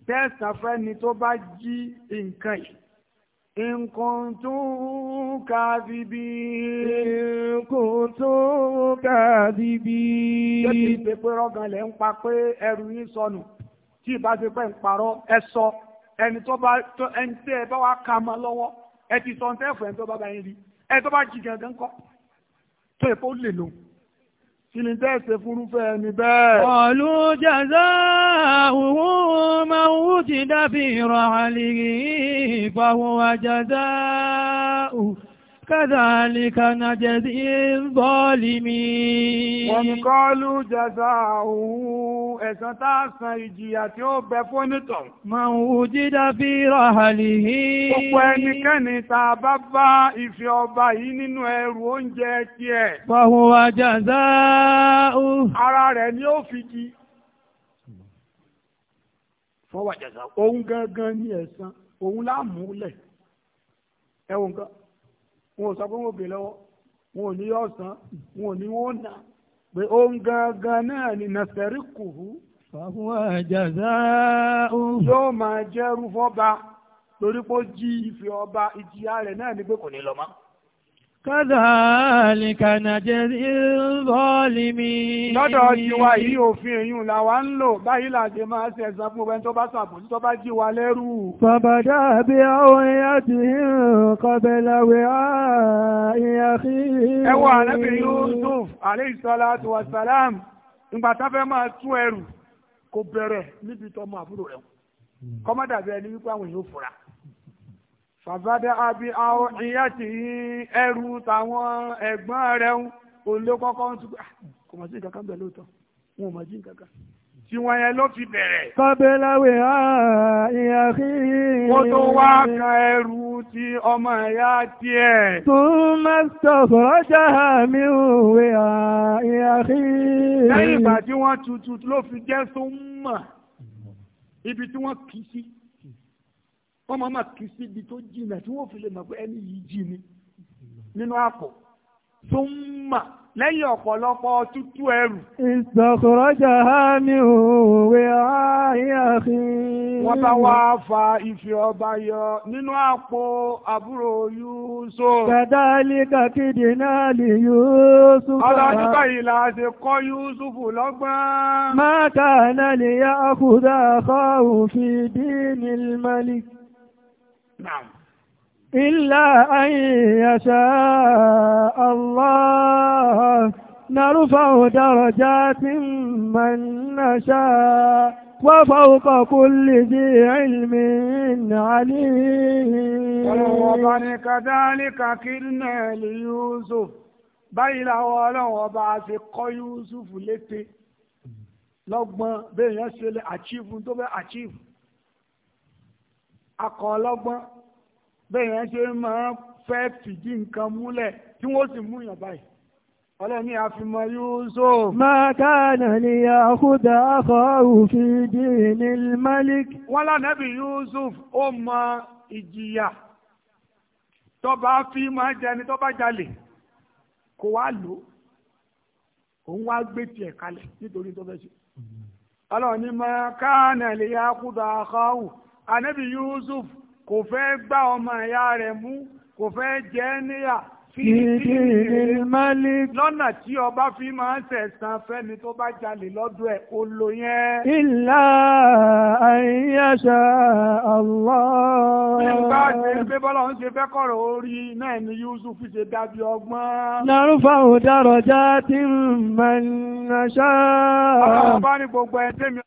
tẹ̀sán fẹ́ni tó bá jí nǹkan yìí. إن كنتم كاذبين إن كنتم كاذبين jẹ́ kí n ṣe pé rọ́gàn lẹ̀ ń pa pé ẹrù yín sọnù tí ìbá ṣe pé ń parọ́ ẹ sọ ẹni tó bá ẹni tẹ́ ẹ bá wá ka ma lọ́wọ́ ẹ ti sọ ní tẹ́ẹ̀fù ẹni tó bá bá yín rí ẹni tó bá jí gangan kọ́ tó yẹ kó lè lòun kí ni tẹ́ẹ̀sẹ̀ fúrúfẹ́ ẹni bẹ́ẹ̀. ọ̀lú jẹ́zá òwú máa wú ti dábì ìrọ̀ àlìrí ìfàwọ̀ àjẹ́zá òwú. وكذلك نجزي الظالمين wọ́n kọ́lù jẹta òun ẹ̀san tá san ìjìyà tí ó bẹ fún nítọ̀. máa ń wù jídá bí ràhàlì yìí. gbogbo ẹnikẹ́ni tá bá bá ìfẹ́ ọba yìí nínú ẹrù oúnjẹ tiẹ̀. fọwọ́ àjàzá ó. ara rẹ̀ ni ó fi jí. fọwọ́ àjàzá òun gangan ni ẹ̀san òun láàmúlẹ̀ ẹ̀wọ̀n gan wọn ò sọ pé wọn ò bè lọ́wọ́ wọn ò ní yọ ọ̀sán wọn ò ní wọn ò nà pé òun gangan náà ni nàṣẹ́rì kù hù. fàwọn àjàzá òun. yóò máa jẹ́rú fọ́ba torí pé ó jí ife ọba ìjìyà rẹ̀ náà ni pé kò ní lọ mọ́. Kọ́dàálìkà nàjẹ́rí bọ́ọ̀lì mi. Lọ́dọ̀ tiwa yìí òfin èyún làwa ń lò báyìí làjẹ́ máa ṣe ẹ̀sán fún ọgbẹ́ni tó bá ṣàbòjú tó bá jí wa lẹ́rù. Bàbàdà bí àwọn èèyàn ti hàn kọbẹ̀láwẹ̀ ààyè àkí. Ẹ wo Ànábì Yusuf, alayhi salatu wa salam, ìgbà tá fẹ́ máa tú fàbádà àbí àwọn ìyá tì í ẹrù tàwọn ẹ̀gbọ́n rẹ̀ ń olókọ́kọ́ ń tukọ̀ ah, kò mọ̀ sí nǹkan kan bẹ̀ lóòótọ́ wọn ò mọ̀ sí nǹkan kan tí yẹn ló fi bẹ̀rẹ̀. Kọ́bẹ́láwé á ah, ìyá kí. Ó tó wá kan ẹrù ti ọmọ ìyá tiẹ̀. Tún mẹ́tọ̀ sọ̀rọ̀jà mi ò wé á ìyá kí. Lẹ́yìn ìgbà tí wọ́n tutù ló fi jẹ́ sọ́mà ibi tí wọ́n kì í sí wọ́n máa ma kì í síbi tó jìnnà tí wọ́n fi lè mọ̀ pé ẹni yìí jì ní nínú àpò tó ń mà lẹ́yìn ọ̀pọ̀lọpọ̀ tútú ẹrù. ìsọ̀kùrọ̀jà á ní òwe àyàfi. wọ́n bá wá fa ife ọba yọ nínú àpò àbúrò Yusuf. kàdáàlì kàkìdì náà lè Yusuf. ọlọ́dún báyìí la ṣe kọ́ Yusuf lọ́gbọ́n. má kàánà lè yá àkùdá àkọ́ òfin dín ní malik. إلا أن يشاء الله نرفع درجات من نشاء وفوق كل ذي علم عليم ولوضن كذلك كلنا ليوسف báyìí àwọn ọlọ́run ọba àti kọ́ Yusuf létè lọ́gbọ́n bẹ́ẹ̀ yẹn ṣe lè achieve tó bẹ́ẹ̀ achieve akọ ọlọ́gbọ́n bẹ́ẹ̀ yẹn ṣe máa fẹ́ fìdí nǹkan múlẹ̀ tí wọ́n sì mú yàn báyìí ọlọ́ni àfimọ̀ Yusuf. máa káànà ni àkúdà akọ̀ òfin dìní malik. wọ́n lánàbí Yusuf ó mọ ìjìyà tọ́ba fi máa jẹni tọ́ba jalè kò wá lò òun wá gbé tiẹ̀ kalẹ̀ nítorí tó fẹ́ ṣe. ọlọ́ni máa ni àkúdà akọ̀ anabi yusuf kò fẹ́ gbá ọmọ ìyá rẹ̀ mú kò fẹ́ jẹ níyà lọ́nà tí ọba fi máa ń sẹ̀sán fẹ́ni tó bá jalè lọ́dọ̀ ẹ̀ ó lò yẹn. ìlà àyíyáṣà Allah. nígbà tí pé bọ́lá ń ṣe fẹ́ kọ̀rọ̀ orí náà ni Yusuf ṣe dàbí ọgbọ́n. nàrúfà ò dárọ̀ já tí ń mọ̀ ní ní gbogbo ẹ̀ tẹ́mi.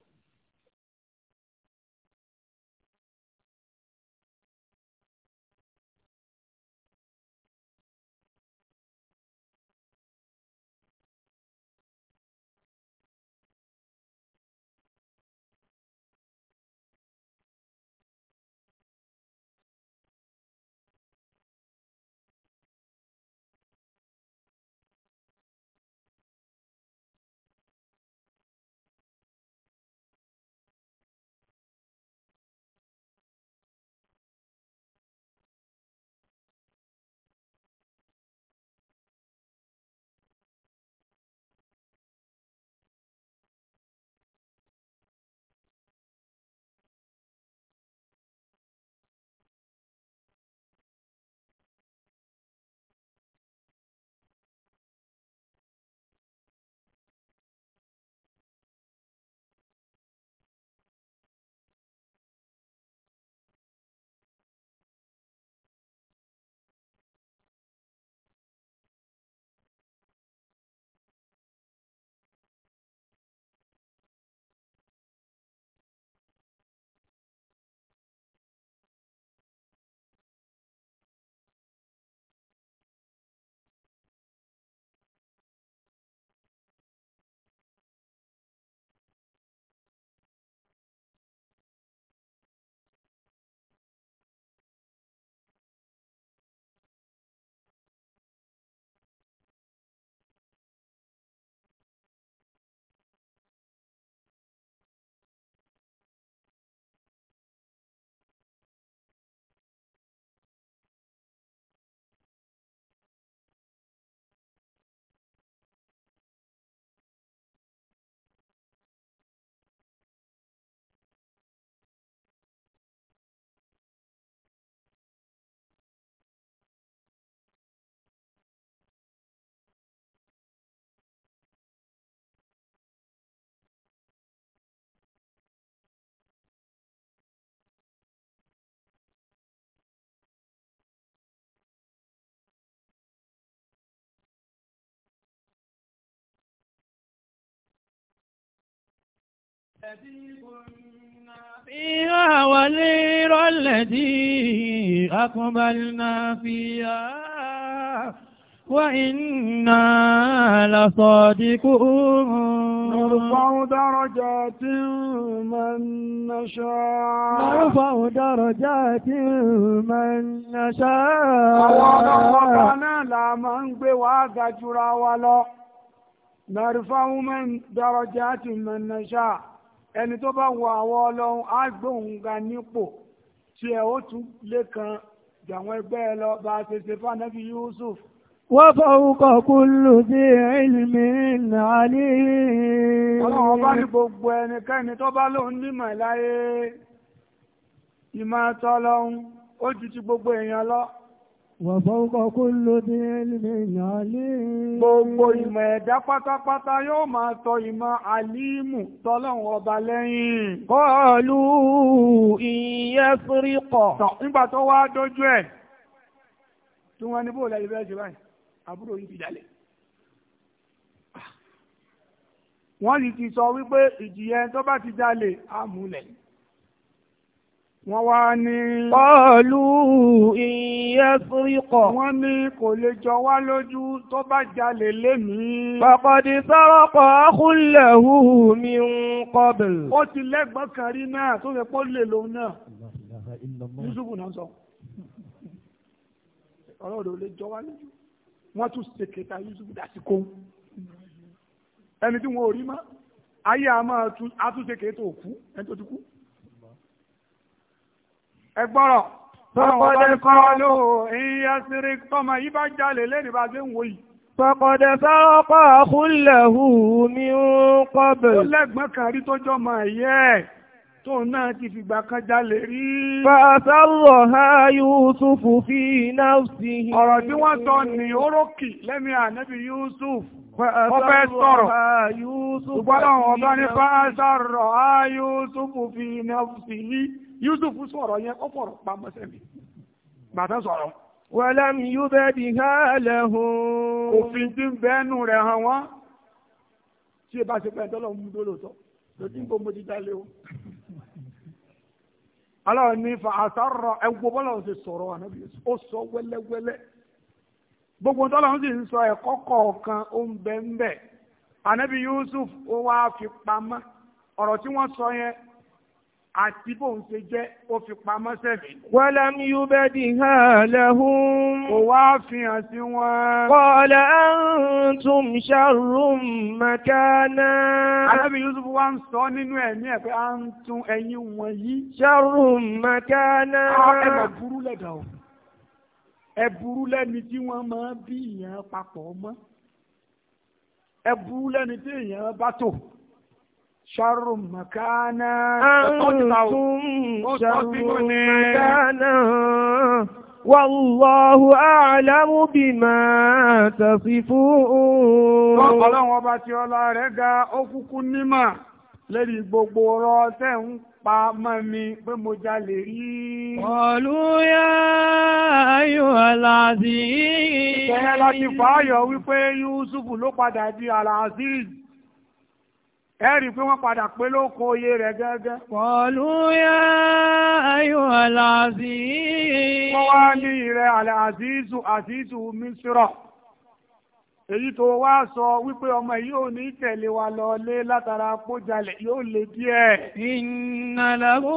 فيها ولير الذي أقبلنا فيها وإنا لصادقون نرفع درجات من نشاء نرفع درجات من نشاء àwọn náà la máa ń نرفع من درجات من نشاء ẹni tó bá wọ àwọn ọlọ́run á gbóhùn ga nípò tí ẹ ó tún lé kan jàwọn ẹgbẹ́ ẹ lọ bá a ṣe ṣe fànàbí Yusuf. wọ́n fọwọ́kọ̀ kú lù sí ìlmi nàálí. ọlọ́run bá ní gbogbo ẹnikẹ́ni tó bá lóun nímọ̀ láyé ìmọ̀ àtọ́lọ́run ó ju ti gbogbo èèyàn lọ. وَفَوْقَ كُلِّ ذِي عِلْمٍ عَلِيمٌ Gbogbo ìmọ̀ ẹ̀dá pátápátá yóò máa tọ ìmọ̀ àlímù tọ́lọ́run ọba lẹ́yìn. Qalu in yasriq. Tọ̀ nígbà tó wá dójú ẹ̀, tí wọ́n ní bó lẹ́yìn bẹ́ẹ̀ ṣe báyìí, àbúrò yìí ti Wọ́n sì ti sọ wípé ìjìyẹn tó bá ti dalẹ̀, á wọ́n wá ní. pọ́ọ̀lù ìyẹn sọ́ríkọ̀. wọ́n ní kò lè jọ wá lójú tó bá jalè lémi. pàpàdé sọ́rọ̀pọ̀ akúnlẹ̀hù mi ń kọ́bẹ̀. ó ti lẹ́gbọ́n kan rí náà tó fẹ́ pọ́ lè lòun náà. yusufu náà sọ. ọlọ́run lè jọ wá lójú. wọ́n tún ṣèkẹta yusufu dásìkò. ẹni tí wọn ò rí mọ́ ayé a máa tún òkú ẹni tó ti kú ẹgbọ́rọ̀ tọ́kọ̀dẹ̀ kọlu ìyá sírí tọ́mọ yí bá jalè lẹ́ni bá ṣe ń wò yìí tọ́kọ̀dẹ̀ sọ́ọ́pọ̀ ọkùnlẹ̀hù ní kọ́bẹ̀ ó lẹ́gbọ́n kan rí tó jọmọ ẹ̀yẹ́ tó náà ti fìgbà kan jalè rí fàṣàlọ̀ ha Yúsùfù fi nafsihi ọ̀rọ̀ tí wọ́n sọ ní orókì lẹ́mí ànẹ́bí Yúsùf ọbẹ̀ sọ̀rọ̀ ṣùgbọ́n ọ̀bá ní fàṣàlọ̀ ha Yúsùfù fi nafsihi Yusuf sọ̀rọ̀ yẹn ó fọ̀rọ̀ pamọ́ sẹ́mi bàtà sọ̀rọ̀. wàlám yúbẹ́ bí há lẹ́hùn. òfin tí ń bẹ́ẹ̀nù rẹ̀ hàn wọ́n. tí e bá ṣe pẹ́ tọ́lọ́ mú dólò tọ́ lójú ń bọ́ mo ti dálé o. aláwọ̀ fa àtàrọ̀ bọ́lá ò sọ̀rọ̀ ó sọ wẹ́lẹ́wẹ́lẹ́. gbogbo tọ́lọ́ ń sì ń sọ ẹ̀kọ́ kọ̀ọ̀kan ó ń bẹ́ẹ̀ ń bẹ́ẹ̀. Yusuf ó wá fi àti bóun ṣe jẹ́ ó fi pamọ́ sẹ́mi. wọ́lá mi yóò bẹ́ di ha lẹ́hún. kò wá fi hàn sí wọn. qala antum sharrum makana. alábi yusuf wa ń sọ nínú ẹ̀mí ẹ̀ pé à ń tún ẹyin wọn yìí. sharrum makana. ẹ bọ̀ burú lẹ́dà o. ẹ burú lẹ́ni tí wọ́n máa bí ìyẹn papọ̀ mọ́. ẹ burú lẹ́ni tí ìyẹn bá tò ṣarun makana antum ṣarun makana wàlláhu àlámú bí máa ọlọ́run ọba tí ọlá rẹ̀ ga ó kúkú nímọ̀ gbogbo ọ̀rọ̀ tẹ́ ń pa mọ́ mi pé mo jalè rí. ọ̀lúyà ayò aláàzí. ìṣẹ̀yẹ láti fàáyọ̀ wípé Yusuf ló padà di aláàzí ẹ̀rí pé wọ́n padà pé ló kó oyè rẹ̀ gẹ́gẹ́. pọ̀lú yá ayọ̀ aláàzí. wọ́n wá ní ìrẹ̀ aláàzízù àzízù mísírọ̀ èyí tó wá sọ wípé ọmọ yìí ò ní tẹ̀lé wa lọ lé látara pójalẹ̀ yóò lè díẹ̀. ìnàlàbù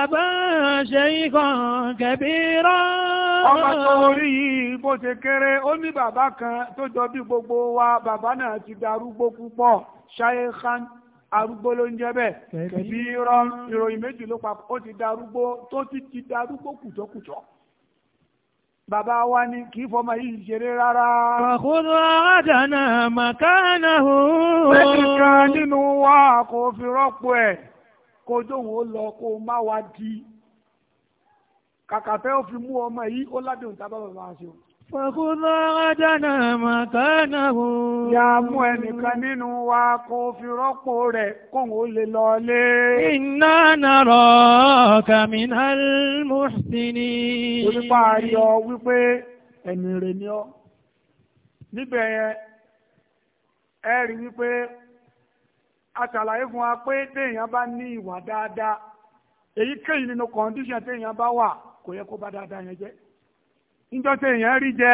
àbáṣe ikàn kẹbíra. ọmọ tó rí yìí bó ṣe kéré ó ní bàbá kan tó jọ bí gbogbo wa bàbá náà ti darúgbó púpọ̀ ṣáyéhán arúgbó ló ń jẹ́ bẹ́ẹ̀ kẹbíra ìròyìn méjì ló papọ̀ ó ti darúgbó tó ti ti darúgbó kùtọ́kùtọ́ bàbá wa ní kì í fọmọ yìí ṣeré rárá. àkóso àdánà màkánà hù. pẹ́ẹ́nìkan nínú wa kò fi rọ́pò ẹ̀ kó jóun ó lọ kó má wá di kàkàfẹ́ ó fi mú ọmọ yìí ó ládùn tábà bàbá wa Fọ̀kúnlọ́ ọjọ́nà màkánàwò. Ya mú ẹnìkan nínú wa kó fi rọ́pò rẹ̀ kóhùn ó lè lọ Iná nàrọ̀ kàmínà mùsùlùmí. Onípa àrí wípé ẹ̀mì rẹ̀ ni ọ. Níbẹ̀ yẹn, ẹ rí wípé a fún wa pé téèyàn bá ní ìwà dáadáa. Èyíkéyìí nínú kọ̀ǹdíṣàn téèyàn bá wà kò yẹ kó bá dáadáa yẹn jẹ́. níjọ́ tí èèyàn rí jẹ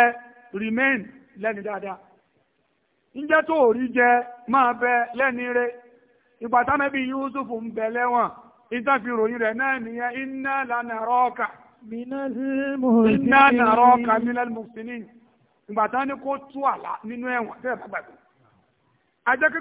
remain dáadáa tó rí jẹ máa bẹ lẹni re ìgbà tánàbí Yusuf ń bẹ lẹ́wọ̀n ìtàfi rẹ náà nìyẹn iná lànà rọ́ọ̀kà iná lànà minal muhsinin ìgbà tánà tú àlá nínú bá gbàgbé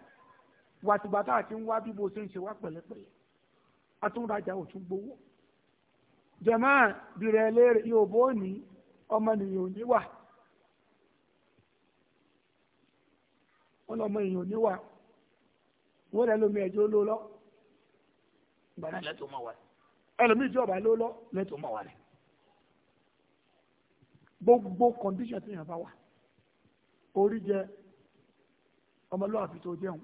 wàtìgbà tá a ti ń wá bí bó ṣe ń ṣe wá pẹ̀lẹ́pẹ̀lẹ́ atúnrajà ò tún gbowó jẹ̀mọ́ bìrẹ̀ léèrè yóò bó ní ọmọnìyàn ò ní wà wọ́n lọ́mọ èèyàn ò ní wà wọ́n rẹ̀ lómi ẹ̀jẹ̀ ló lọ gbàdá lẹ́tọ̀ọ́ máa wà ẹlòmíì ìjọba ló lọ lẹ́tọ̀ọ́ máa wà rẹ̀ gbogbo kọ̀ǹdíṣàn tí yàn bá wà orí jẹ ọmọlúwàbí tó jẹun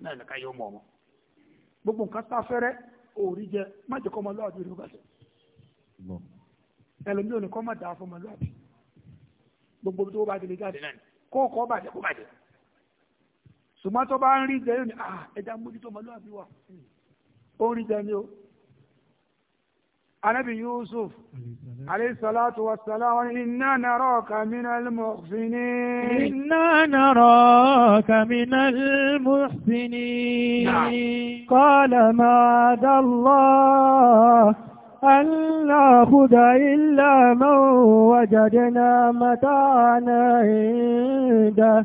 náà nìkan yóò mọ̀ wọn gbogbo nǹkan sáfẹ́rẹ́ òòrí jẹ má jẹ́ kọ́ ọmọlúwàbí rẹ̀ gbàṣẹ ẹlòmí ò ní kọ́ má dáa fún ọmọlúwàbí gbogbo tó bá délé jáde náà ni kọ́ọ̀kọ́ bàjẹ́ kó bàjẹ́ ṣùgbọ́n tó bá ń rí jẹ yóò ní ah, ẹja mójútó ọmọlúwàbí wà ó ń rí jẹ ní o عن ابي يوسف عليه الصلاة والسلام إنا نراك من المحسنين إنا نراك من المحسنين نعم. قال معاذ الله أن نأخذ إلا من وجدنا متانا عنده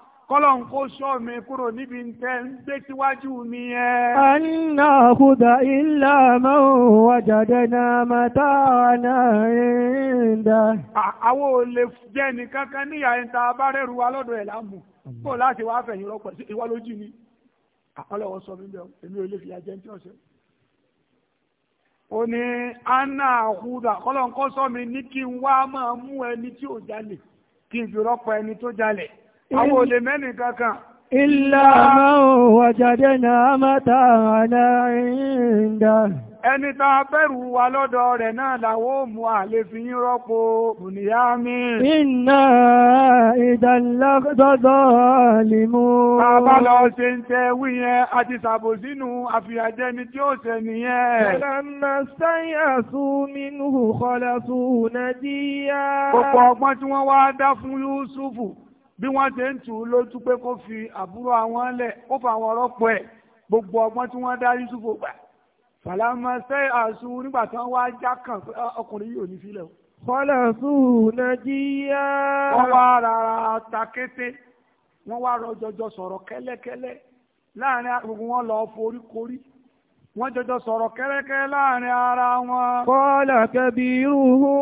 kọ́lọ̀n kó ṣọ́ mi kúrò níbi tẹ́ ń gbé síwájú mi ẹ. a ní náà kúdà ilá máa wà jáde náà mata náà ríndà. àwọn ò lè jẹ́ ní kankan ní ìta bá wa lọ́dọ̀ ẹ̀ láàmù kó láti wá fẹ̀yìn rọpọ̀ sí ìwọ́ lójú ni. àkọlọ́wọ́ sọ mi bẹ́ẹ̀ èmi ò lè fi ajẹ́ ní ọ̀sẹ̀. ó ní a náà kúdà kọ́lọ̀n kó ṣọ́ mi ní kí n wá máa mú ẹni tí ò jalè kí n fi rọ́pọ̀ ẹni tó jalè àwọn olè mẹ́rin kankan Ilá máa wà náà mátà àná ìdá. Ẹni ta bẹ̀rù wa lọ́dọ̀ rẹ̀ náà làwọ́ mú àlè fi yín rọ́pò Bùnìyámi. Iná ìdánlọ́dọ́dọ́ lèmú. Bàbá lọ ṣe ń tẹ wí yẹn àti sàbò sínú àfihàjẹni tí ó ṣẹ nìyẹn. Ṣàlámà sáyà sún nínú bí wọ́n ṣe ń tù ú lójú pé kó fi àbúrò àwọn lẹ̀ ó fa àwọn ọlọ́pọ̀ ẹ̀ gbogbo ọgbọ́n tí wọ́n dá Yusufu gbà fàlámà ṣe àṣùn nígbà tí wọ́n wá já kàn ah, ọkùnrin yìí ò ní sílẹ̀ o. kọ́lá sùn nàìjíríà. wọ́n wá rárá ta kété wọ́n wá rọ jọjọ sọ̀rọ̀ láàrin gbogbo wọn lọ forí korí wọ́n jọjọ sọ̀rọ̀ kẹ́rẹ́kẹ́ láàrin ara wọn. Kọ́lá kẹbi irúhù.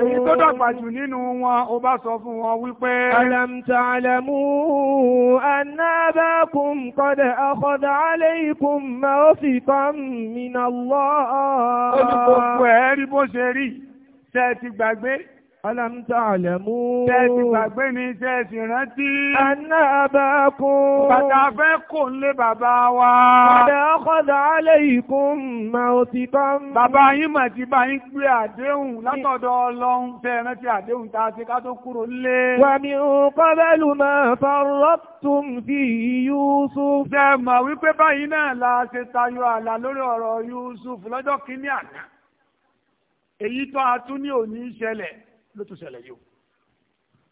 Èyí tó dàgbà jù nínú wọn, ó bá sọ fún wọn wípé. Àlàmtà àlàmú, ànábàkùn kọ́dẹ̀ ọkọ̀dà aléìkùn máa ó fi kan mìnà lọ́ọ̀. Ó ní bó ṣe rí, ṣe ti gbàgbé. Alámtàlẹ̀mú. Tẹ́ẹ̀tì gbàgbé ni tẹ́ẹ̀tì rántí. Àná abẹ́kún. Bàtà fẹ́ kò ń lé bàbá wa. Bàbá ọkọ̀dà alẹ́ ìkún mà ó ti kọ́. Bàbá yín mà ti bá yín gbé àdéhùn látọ̀dọ̀ ọlọ́run tẹ́ rántí àdéhùn tá a ṣe ká tó kúrò lé. Wàmí òǹkọ́ bẹ́lú máa farọ́tún fi Yúsúf. Ṣé mọ̀ wípé báyìí náà la ṣe tayọ àlà lórí ọ̀rọ̀ Yúsúf lọ́jọ́ kìíní àná? Èyí tó a tún ní òní ṣẹlẹ̀ ló tún ṣẹlẹ̀ yìí o.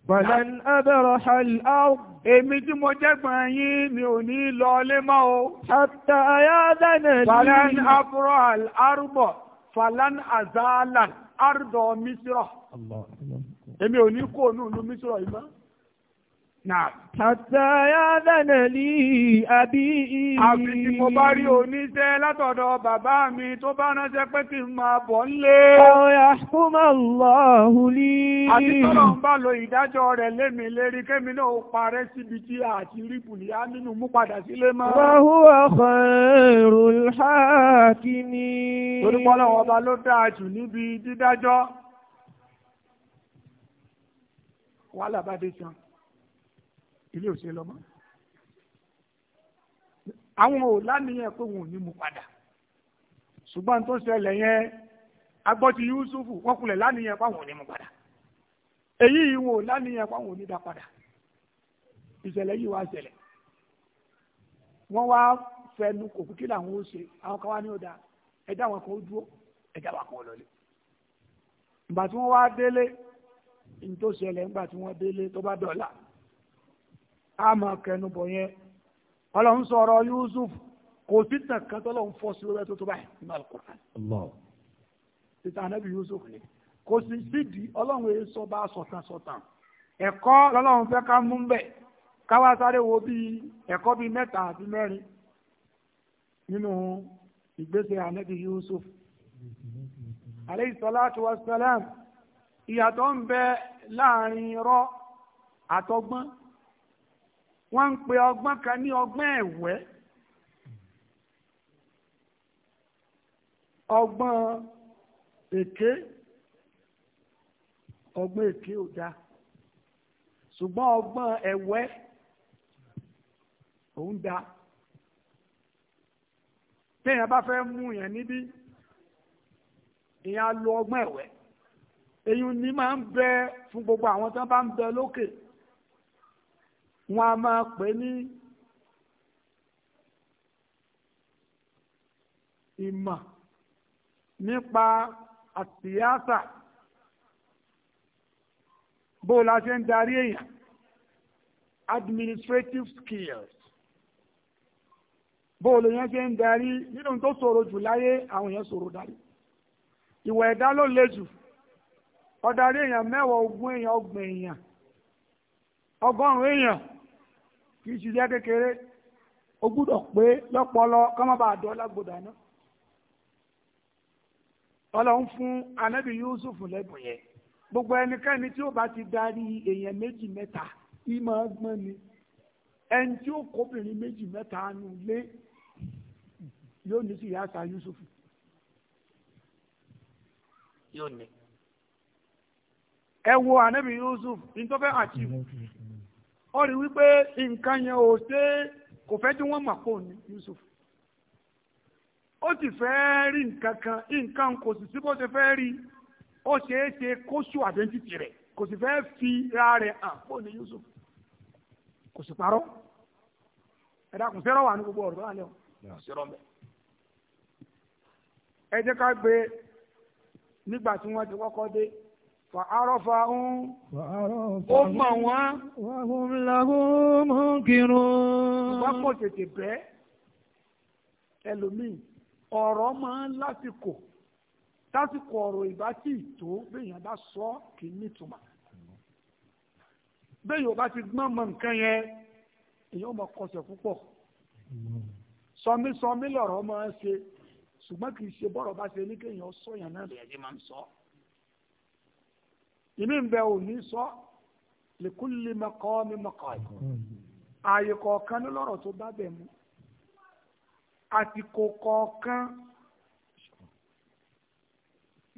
Bàdàn abẹ́rọ̀ ṣàlàó. Èmi tí mo jẹ́gbọ̀n yín mi ò ní lọ lé mọ́ o. Àtà ayádánà ní. Fàlán afro al fàlán azalan, ardọ̀ misrọ̀. Èmi ò ní kó ònú ìlú misrọ̀ yìí mọ́. Nà. Tàtà yá dánà lí àbí. Àfi tí mo bá rí oníṣẹ́ látọ̀dọ̀ bàbá mi tó bá ránṣẹ́ pé kí n máa bọ̀ ń lé. Ọ̀yà fún Allahu lí. Àti tọ́lọ̀ ń bá lo ìdájọ́ rẹ̀ lémi lérí kémi náà ó parẹ́ síbi tí àti rí bùnìyá nínú mú padà sílé mọ́. Wa huwa khairul hakimin. Torí pọ́lọ́ ọba ló dáa jù níbi dídájọ́. Wàhálà bá dé sàn ilé òsè lọ́mọ. àwọn ò lánìyàn pé wọn ò ní mú padà ṣùgbọ́n tó ṣẹlẹ̀ yẹn agbọ́tí Yusufu wọ́n kulẹ̀ lánìyàn pàwọn ò ní mú padà èyí ìwò lánìyàn pàwọn ò ní dá padà ìṣẹ̀lẹ̀ yìí wá ṣẹlẹ̀ wọ́n wá fẹnu kò kí làwọn ó ṣe àwọn kan wá ní ọ̀dà ẹ̀dá àwọn kan ó dúró ẹ̀dá àwọn kan ó lọlé ìgbà tí wọ́n wá délé ní tó ṣẹlẹ̀ ńgbà tí wọ́n délé tó bá dọ̀la á máa kẹnubọ̀ yẹn ọlọ́run sọ̀rọ̀ Yusuf kò sí kan tó lọ́run fọ́ sí wẹ́wẹ́ tó tó báyìí nínú al títà anábì Yusuf ni kò sì sídìí ọlọ́run èyí sọ bá sọ̀tàn sọ̀tàn ẹ̀kọ́ lọ́lọ́run fẹ́ ká mú bẹ̀ káwá sáré wo bíi ẹ̀kọ́ bíi mẹ́ta àti mẹ́rin nínú ìgbésẹ̀ anábì Yusuf ìyàtọ̀ ń bẹ láàrin àtọgbọ́n wọ́n ń pe ọgbọ́n kan ní ọgbọ́n ẹ̀wẹ́ ọgbọ́n èké ọgbọ́n èké ò dáa ṣùgbọ́n ọgbọ́n ẹ̀wẹ́ òun dáa téèyàn bá fẹ́ mú yẹn níbí ìyẹn á lo ọgbọ́n ẹ̀wẹ́ èyí ni máa ń bẹ fún gbogbo àwọn tó bá ń bẹ lókè. Okay wọn a máa pè ní ìmọ̀ nípa àtìyásà bó la ṣe ń darí èèyàn administrative skills bó lè yẹn ṣe ń darí nínú tó ṣòro jù láyé àwọn èèyàn ṣòro darí ìwà ẹ̀dá ló le jù ọ̀darí èèyàn mẹ́wàá ogún èèyàn ọgbọ̀n èèyàn ọgọ́rùn-ún èèyàn kì í ṣiṣẹ́ kékeré o gbúdọ̀ pé lọ́pọlọ kọ́mọ́ bá dọ́ lágbòdà náà ọlọ́run fún anábì Yusuf lẹ́bùn yẹn gbogbo ẹnikẹ́ni tí ó bá ti darí èèyàn méjì mẹ́ta ìmọ̀ ọgbọ́n ni ẹni tí ó kóbìnrin méjì mẹ́ta nù lé yóò ní sí ìyá àṣà Yusuf yóò ní ẹ wo anábì Yusuf ní tó fẹ́ àti Ọ rí wípé nǹkan yẹn ò ṣe kò fẹ́ tí wọ́n mà ní Yusuf ó ti fẹ́ rí nǹkan kan nǹkan kò sì sí bó fẹ́ rí ó ṣe kó àdéǹtìtì rẹ kò sì fẹ́ fi ra rẹ hàn pò ní Yusuf kò sì parọ́ ẹ̀dá sẹ́rọ̀ wà ní gbogbo ọ̀rọ̀ tó sẹ́rọ̀ mẹ́. ẹ jẹ́ fàárọ̀fà ń ó mọ̀ wọ́n. wàhùn làwọn mú kírun. wọ́n mọ̀ tètè bẹ́ẹ̀ ẹlòmíì ọ̀rọ̀ máa ń lásìkò lásìkò ọ̀rọ̀ ìbá tí ì tó béèyàn bá sọ kì í nítumọ̀ béèyàn bá ti gbọ́n mọ nǹkan yẹn èèyàn mọ̀ kọsẹ̀ ìmí ń bẹ òní sọ lèkúlì mẹkọ mi mẹkọ yìí ààyè kọ̀ọ̀kan ló lọ́rọ̀ tó bá bẹ̀ mú àsìkò kọ̀ọ̀kan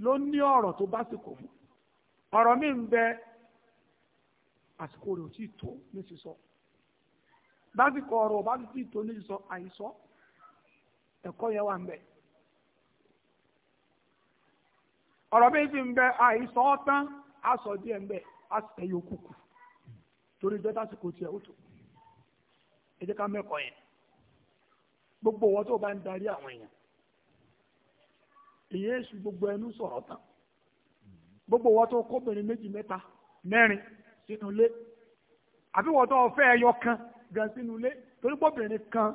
ló ní ọ̀rọ̀ tó bá sì kò mú ọ̀rọ̀ mi ń bẹ àsìkò rẹ̀ ò tí ì tó ní sísọ lásìkò ò bá tí ì tó ní sísọ àìsọ yẹn wà ń bẹ. mi ń bẹ àìsọ tán Asọ sọ díẹ̀ ń bẹ̀ á tori tẹ̀ yòókù kù torí ìjọ tásìkò tiẹ̀ ó tó ẹ jẹ́ ká yẹn gbogbo wọn tó bá ń darí àwọn èèyàn èyí èṣù gbogbo ẹnu sọ̀rọ̀ tán gbogbo wọn tó kóbìnrin méjì mẹ́ta mẹ́rin sínú ilé àbí wọn tó fẹ́ ẹyọ kan gan sínú ilé torí gbọ́bìnrin kan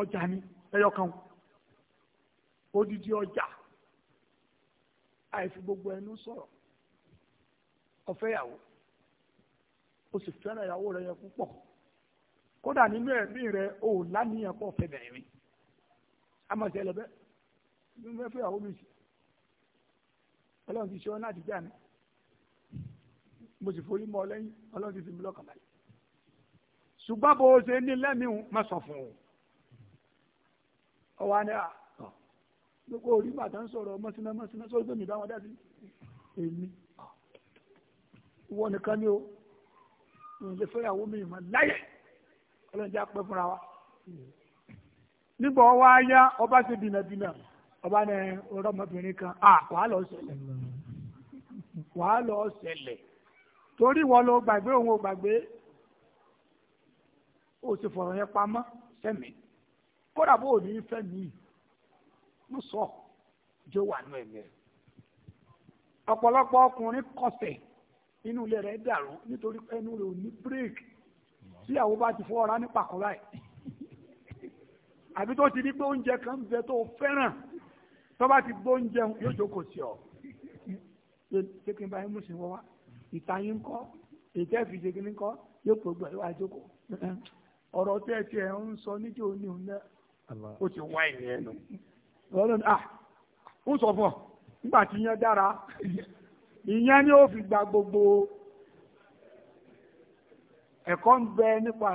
ọjà ni ẹyọ kan odidi ọjà àìfi gbogbo ẹnu sọ̀rọ̀ ọ̀fẹ́ ìyàwó o sì fẹ́ràn ìyàwó rẹ yẹn púpọ̀ kódà nínú ẹ̀mí rẹ o ò lánìyàn pọ̀ fẹ́ bẹ̀rẹ̀ mi amọ̀tẹ́ ẹlẹ́bẹ́ bí wọ́n fẹ́ ìyàwó mi sí ọlọ́run ti ṣe ọ́ láti gbà mí mo sì forí mọ́ ọ lẹ́yìn ọlọ́run mi lọ́kàn balẹ̀ sọ fún gbogbo orí bàtà ń sọ̀rọ̀ mọ́síná mọ́síná sórí pé mi bá wọn dá sí èmi ìwọ nìkan ni o ìlẹ̀ fẹ́yàwó mi ìmọ̀ láyé ọlọ́njẹ́ apẹ́ fúnra wa nígbà ọwọ́ ayá ọba ṣe bìnàbìnà ọba ní ọ̀rọ̀ ọmọbìnrin kan à wàá lọ ṣẹlẹ̀ wàá lọ ṣẹlẹ̀ torí ìwọ ló gbàgbé òun ò gbàgbé ó sì fọ̀rọ̀ yẹn pamọ́ sẹ́mi kódà bó ò ní fẹ́ mi yìí mo sọ jó wà nù ẹ̀mí rẹ̀ ọ̀pọ̀lọpọ̀ ọkùnrin kọsẹ̀ inú ilé rẹ̀ dàrú nítorí ẹnu rẹ̀ ò ní bírèkì tíyàwó bá ti fọ́ ọ̀rá ní pàkúrà ẹ̀ àbí tó ti ní pé oúnjẹ kan bẹ tó fẹ́ràn tó bá ti gbó oúnjẹ yóò jókòó sí ọ ṣé kí n bá yín mú sí wọ́n wá ìta yín kọ́ ètò ẹ̀fì ṣe kíní kọ́ yóò pè gbọ́ ìwà jókòó ọ̀rọ̀ tẹ́ ẹ tiẹ̀ ń sọ níjẹ́ òní òun náà ó ti wá ìyẹn nù. lọ́nà à ń sọ fún ọ nígbà tí dára ìyẹn ni ó fi gba gbogbo ẹ̀kọ́ ń bẹ nípa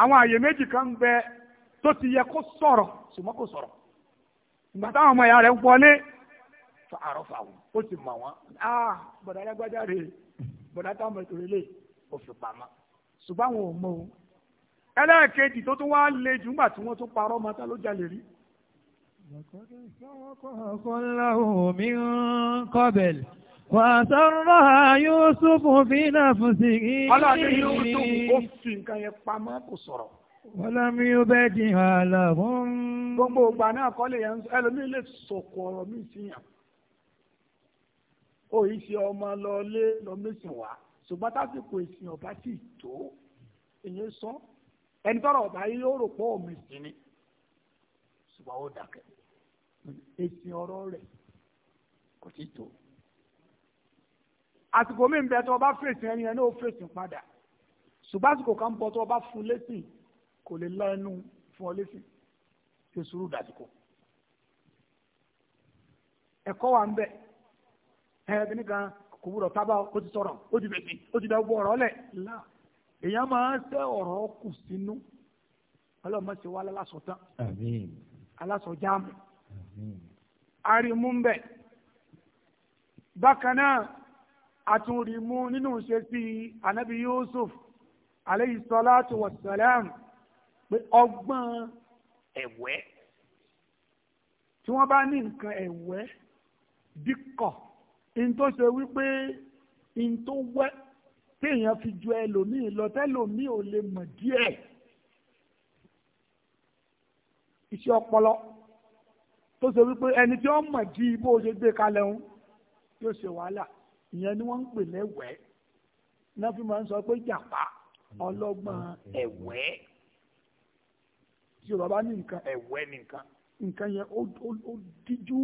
àwọn àyè méjì kan ń bẹ tó ti yẹ kó sọ̀rọ̀ ṣùgbọ́n kó sọ̀rọ̀ ìgbà táwọn ọmọ ìyá rẹ̀ ń wọlé fa ti mọ̀ wọn ah, bọ̀dá ẹlẹ́ẹ̀kejì tó tún wá le jù nígbà tí wọ́n tún parọ́ ọmọ tá ló jalè rí. Wàtọ́rọ̀ Yúsùfù fi náà fún sí i. Ọlọ́run Yúsùfù ó fi nǹkan yẹn pamọ́ kò sọ̀rọ̀. Wọ́lámi ó bẹ́ di ààlà fún. Gbogbo ìgbà náà kọ́ lè yẹn ẹlòmíì lè sọ̀kọ̀ ọ̀rọ̀ mi sí yàn. Òyì ṣe ọmọ lọ lé lọ mẹ́sìn wá. Ṣùgbọ́n tásìkò ìsìn ọ̀bá sì tó. Èyí sọ ẹni tọrọ ọba yìí yóò rò pọ̀ omi sí ni ṣùgbọ́n ó dàkẹ́ èsì ọ̀rọ̀ rẹ̀ kò tí tó àsìkò mi ń bẹ tó o bá fèsì ẹni ẹni ó fèsì padà ṣùgbọ́n àsìkò kan bọ̀ tó o fún lẹ́sìn kò lè lọ ẹnu fún ọ lẹ́sìn ṣe sùúrù dàsìkò ẹ̀kọ́ wa ń bẹ ẹ̀ kò wúrọ̀ tábà ó ti sọ̀rọ̀ ó ti bẹ̀sìn ó ti dá gbọ́ ọ̀rọ̀ ọ̀lẹ̀ láà èèyàn máa ń sẹ́ kù sínú ọlọ́mọṣẹ́ wa lálásọ tán alásọ jáàmù bákan náà àtúnrimú nínú ṣe sí anabi Yusuf aleyhi salatu wa salam pé ọgbọ́n ẹ̀wẹ́ tí wọ́n bá ní nǹkan ẹ̀wẹ́ díkọ̀ ní tó ṣe wípé ní tó wẹ́ téèyàn fi ju ẹlòmíì lọ tẹlòmíì ò lè mọ̀ díẹ̀ iṣẹ́ ọpọlọ tó ṣe wípé ẹni tí ó mọ̀ di bó ṣe gbé kalẹ̀ ń yóò ṣe wàhálà ìyẹn ni wọ́n ń pè lẹ́wẹ̀ẹ́ náà fi máa ń sọ pé jàpá ọlọ́gbọ́n ẹ̀wẹ́ tí yorùbá ní nǹkan ẹ̀wẹ́ nìkan nǹkan yẹn ó díjú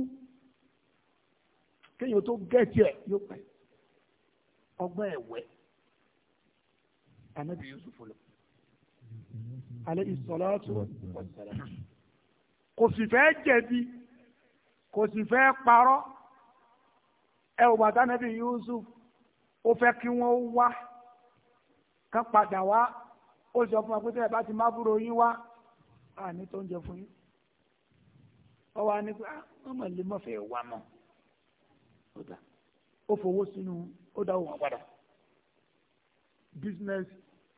kéèyàn tó gẹ̀ẹ́tì ẹ̀ yóò pẹ́ ọgbọ́n ẹ̀wẹ́ anabi yusuf lọ alayhi salatu wassalam kò sì fẹ́ jẹ̀bi kò sì fẹ́ parọ́ ẹ ò bàtà nàbí yusuf ó fẹ́ kí wọ́n wá kán padà wá ó sọ fún wa pé tẹ́lẹ̀ bá ti má búrò yín wá àní tó ń jẹ fún yín ọ wá ní pé ah, wọ́n mọ̀ lè mọ̀ fẹ́ wá mọ̀ ó fowó sínú ó dáwọ́ wọn padà. business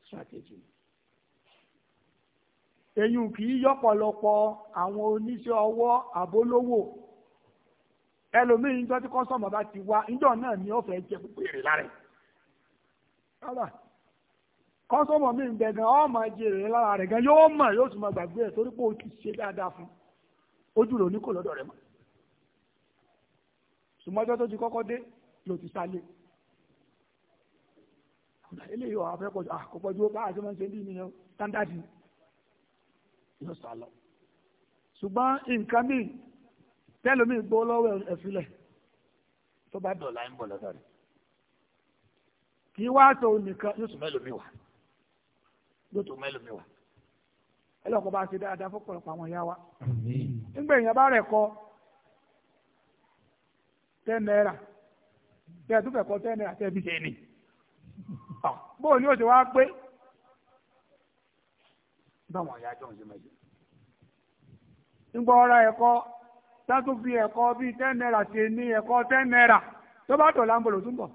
strategy. Èyàn kì í yọ̀pọ̀lọpọ̀ àwọn oníṣẹ́ ọwọ́ àbólówò. Ẹlòmíì ń kọ́sọ̀mù ti wá, ìjọ náà ni ó fẹ́ jẹ gbogbo èrè lára ẹ̀. Rárá, kọ́sọ̀mù mi ń bẹ gan, ó máa jẹ èrè lára rẹ̀ gan, yóò mọ̀ yóò sì máa gbàgbé ẹ̀ torí o ti ṣe dáadáa fún un. Ojú eléyìí ọ̀hún afẹ́kọ̀ọ́ àkọ́kọ́ dúró bá àṣẹ máa ń ṣe bí nìyẹn tándàdì yóò sá lọ. ṣùgbọ́n nǹkan bíi tẹ́lómi gbọ́ lọ́wọ́ ẹ̀fílẹ̀ tó bá dọ̀la ń bọ̀ lọ́dọ̀ rẹ̀ kì í wá tó nìkan yóò tún mẹ́lòmí wá yóò tún mẹ́lòmí wá ẹlọ́kọ̀ bá ṣe dáadáa fọ́pọ̀lọpọ̀ àwọn ìyá wa nígbà èèyàn bá rẹ̀ kọ́ ten naira kọ ten naira tẹ́ẹ̀ fi ṣe ni. bóò onye òṣèwà pé báwọn ìyá jọ ń mẹ́jọ. nígbà ẹ̀kọ́ tátún fi ẹ̀kọ́ bíi ten naira ṣe ní ẹ̀kọ́ ten naira tó bá tọ̀ láǹbọ̀ túnbọ̀.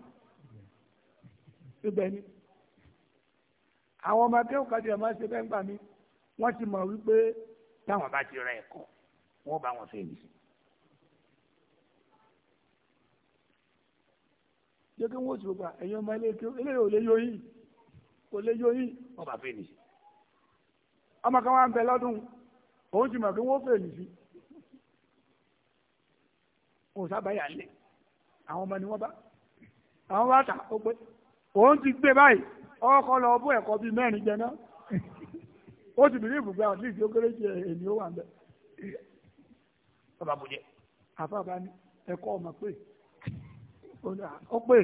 ibẹ̀ ni àwọn ọmọ akẹ́kọ̀ọ́ kan ẹ̀ máa ṣe gbà mí ti mọ̀ wípé táwọn bá ra ẹ̀kọ́ wọ́n bá wọn fẹ́ mi. jẹ́ kí wọ́n kò lè yọ yín wọn bá fẹ́ nìyí ọmọ kan wá ń bẹ lọ́dún òun ti mọ̀ pé wọ́n fẹ́ nìyí òun sábà lé àwọn ọmọ ni wọ́n bá àwọn bá tà ó pé òun ti gbé báyìí ọkọ lọ bó ẹ̀kọ́ bíi mẹ́rin jẹ ó ti bìrì ìbùgbé àwọn tí ìdí kéré jẹ èmi ó wà ń bẹ bàbá bùjẹ àbá bá ní ọmọ pé ó pè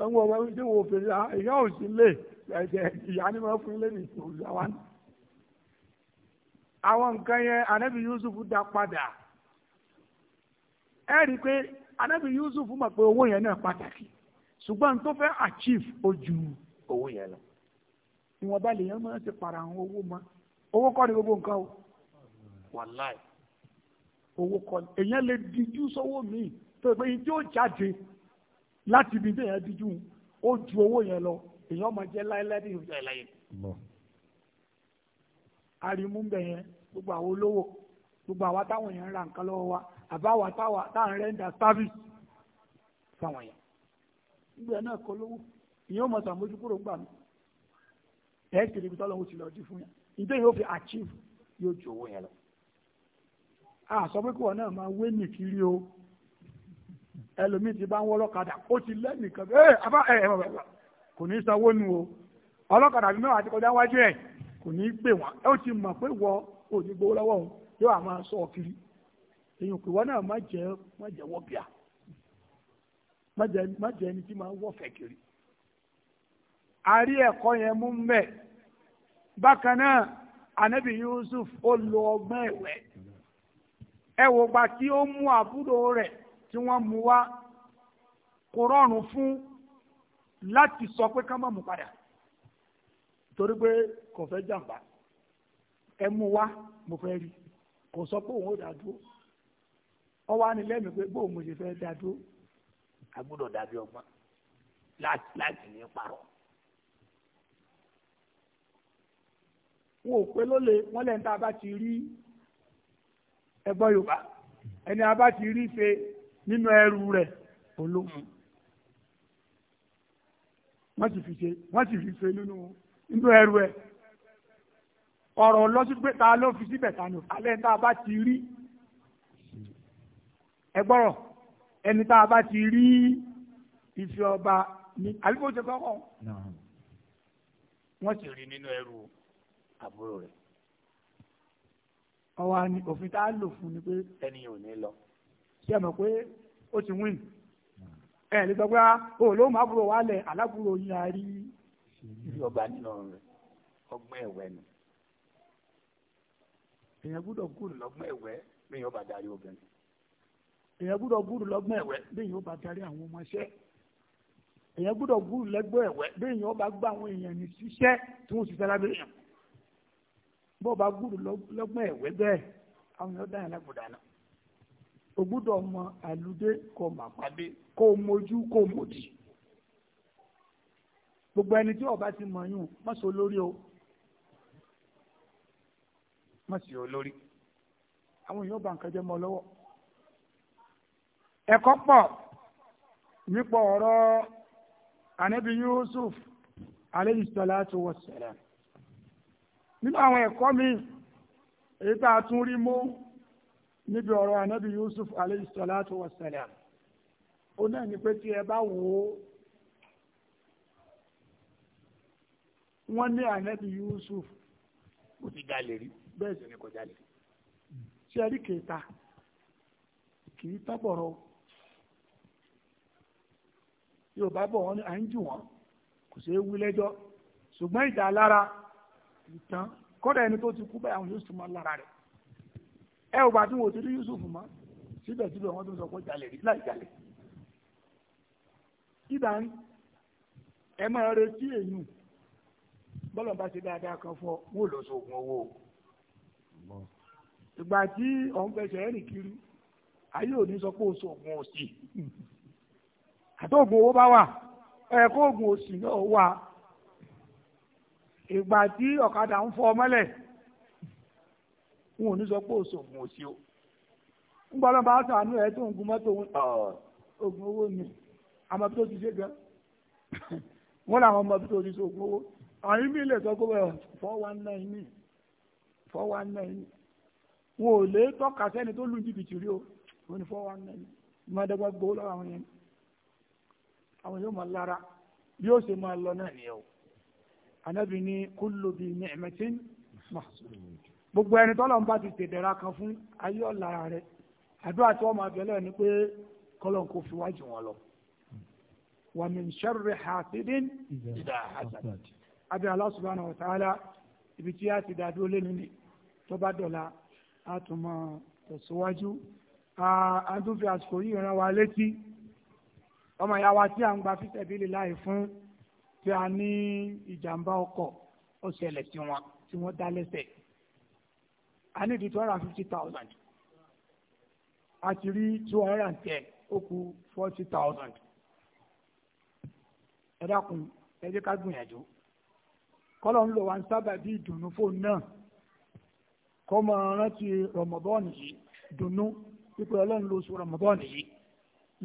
àwọn ọmọ ẹni tí wọn ò fèrè ah, ìyá ò sí lè ẹ̀jẹ̀ ìyá ni wọ́n fún ilé ní ìṣòwò wa ní. àwọn nǹkan yẹn anabi yusuf dá padà ẹ rí i pé anabi yusuf mọ̀ pé owó yẹn náà pàtàkì ṣùgbọ́n tó fẹ́ achieve ojú owó yẹn lọ. ìwọ̀nba lèèyàn máa ń ṣe para àwọn owó mọ́ owó kọ́ ni gbogbo nǹkan o wàláì owó kọ́ ni èèyàn lè dijú sọ́wọ́ míì tó ìpè yìí tí ó jáde láti ibi téèyàn díjú ó ju owó yẹn lọ èèyàn máa jẹ́ láéláé ní ìfẹ́ ìlàyé. arimu ń yẹn gbogbo àwọn olówó gbogbo àwa táwọn èèyàn ń ra nǹkan lọ́wọ́ wa rẹ́ńdà service fáwọn yẹn gbogbo ẹ̀ náà kọ́ lówó gbà mí ẹ̀ kiri ti lọ fún yẹn ìdí yóò fi achieve yóò ju owó yẹn lọ. náà máa wé ẹlòmíì ti bá ń wọ́rọ́ ó ti lẹ́nìkan ẹ abá ẹ ẹ kò ní sanwó o ọlọ́kadà bí mẹ́wàá ti kọjá kò ní í o ti mọ̀ pé wọ́ ò ní gbowó lọ́wọ́ òun sọ ọ kiri èyàn pé náà má má má má ẹni tí máa kiri. àrí ẹkọ yẹn mú bákan anabi Yusuf ó lo ọgbọ́n ẹ̀wẹ́ ẹ gba ó mú tí wọ́n mú wá kò rọrùn fún láti sọ pé ká má mú torí pé kò fẹ́ jàǹbá ẹ mú wá mo fẹ́ rí kò sọ pé òun ò dá dúró ọ wá ní pé bóun mo ṣe fẹ́ dá dúró dàbí ọgbọ́n láti láti ní parọ́. wọn ò pé wọn lẹ́yìn tá a bá nínú ẹrù rẹ̀ olóhùn wọ́n sì fi ṣe wọ́n sì fi ṣe nínú nínú ẹrù ẹ̀ ọ̀rọ̀ lọ́sí ta ló fi síbẹ̀ ta ni alẹ́ a bá ti rí ẹ gbọ́rọ̀ ẹni tá a bá ti rí ife ọba ni àbíkó ṣe kọ́kọ́ wọ́n sì rí nínú ẹrù àbúrò rẹ̀ ọwọ́ ni òfin tá a lò fún ni pé ẹni ò ní lọ ṣe mọ̀ pé ó ti win ẹ lè sọ pé ó ah, ló máa búrò wá lẹ̀ alábúrò yín àárí. ọgbà nínú rẹ ọgbọ́n ẹ̀wẹ́ ni èèyàn gbúdọ̀ gùn lọ́gbọ́n ẹ̀wẹ́ lẹ́yìn ọba darí obìnrin èèyàn gbúdọ̀ gùn lọ́gbọ́n ẹ̀wẹ́ lẹ́yìn ọba darí àwọn ọmọọṣẹ́ èèyàn gbúdọ̀ gùn lẹ́gbọ́n ẹ̀wẹ́ lẹ́yìn ọba gbọ́ àwọn èèyàn ní ṣiṣẹ́ tí wọ́n ṣiṣẹ́ lábẹ́ èèyàn bọ́ọ̀ bá gùn lọ́gbọ́n ẹ̀wẹ́ bẹ́ẹ̀ àwọn èèyàn dáhùn lágbòdà náà o gbúdọ̀ mọ àlùdé kò mà pàdé kò mójú kò mòdì gbogbo ẹni tí ọba ti mọ̀ yún má sọ lórí o má sì ọ lórí àwọn èèyàn bá nǹkan jẹ́ mọ́ lọ́wọ́ ẹ̀kọ́ pọ̀ nípa ọ̀rọ̀ anabi Yusuf aleyhi salatu wa salam nínú àwọn ẹ̀kọ́ mi èyí tá a tún rí mú. níbi ọ̀rọ̀ anabi Yusuf alayhi salatu wa salam ó náà ní pé tí ẹ bá wò ó wọ́n ní Yusuf kò ti jalè rí bẹ́ẹ̀ ni kò jalè rí ẹ rí kèéta kì í tábọ̀rọ̀ Yorùbá bọ̀ wọ́n ní à ń jù wọ́n kò lẹ́jọ́ ti kú yóò mọ́ lára ẹ ò bá tí wọn ò Yusuf mọ́ síbẹ̀síbẹ̀ wọ́n tún sọ pé jalè rí láì jalè kídà ń ẹ máa retí èyàn bọ́lọ̀ bá ṣe dáadáa kan fún wọn ò lọ sóògùn owó ìgbà tí òun fẹsẹ̀ ẹ̀rìn kiri ayé òní sọ pé oṣoògùn òsì àtòògùn owó bá wà ẹ̀kọ́ òògùn òsì náà wà ìgbà tí ọ̀kadà ń fọ́ mọ́lẹ̀ wọn ò ní sọ pé òṣògùn ò o ń gbọ́ lọ́ba àṣàánú ẹ̀ tó ń gun mọ́tò wọn oògùn owó ni àmọ́ tó ti ṣe gan wọn làwọn ọmọ tó ti ṣe oògùn owó àwọn ibi ilẹ̀ sọ pé four one nine ni four one nine wọn ò lè tọ́ka sẹ́ni tó lu jìbìtì rí o wọn ni four one nine ni gbowó lọ́wọ́ àwọn yẹn àwọn yóò máa lára yóò ṣe máa lọ náà nìyẹn o anabi ni kullu bi ni'matin mahsud gbogbo ẹni tọ́lọ̀ ń bá ti tètèrà kan fún ayé ọ̀la rẹ̀ àdúrà tí wọ́n máa bẹ̀rẹ̀ ni pé kọ́lọ̀ kò fi wájú wọn lọ. wa min sharri hasidin idha hasad abẹ́ Allah subhanahu wa ta'ala ibi tí a ti dá dúró lẹ́nu ni tó bá dọ̀la a tún mọ̀ tẹ̀síwájú. a tún fi àsìkò yìí rán wa létí ọmọ ìyá wa tí a ń gba fisabilillahi fún tí a ní ìjàmbá ọkọ̀ ó ṣẹlẹ̀ tí wọ́n dá lẹ́sẹ̀ I need two hundred and fifty thousand a ti rí two hundred and ten ó kù forty thousand ẹ dákun ẹ jẹ́ ká gbìyànjú kọ́lọ̀ ń lò wá ń sábà bí ìdùnnú fóònù náà kọ́ máa rántí rọmọbọ́ọ̀nù yìí dùnnú pípẹ́ ọlọ́run ló sọ yìí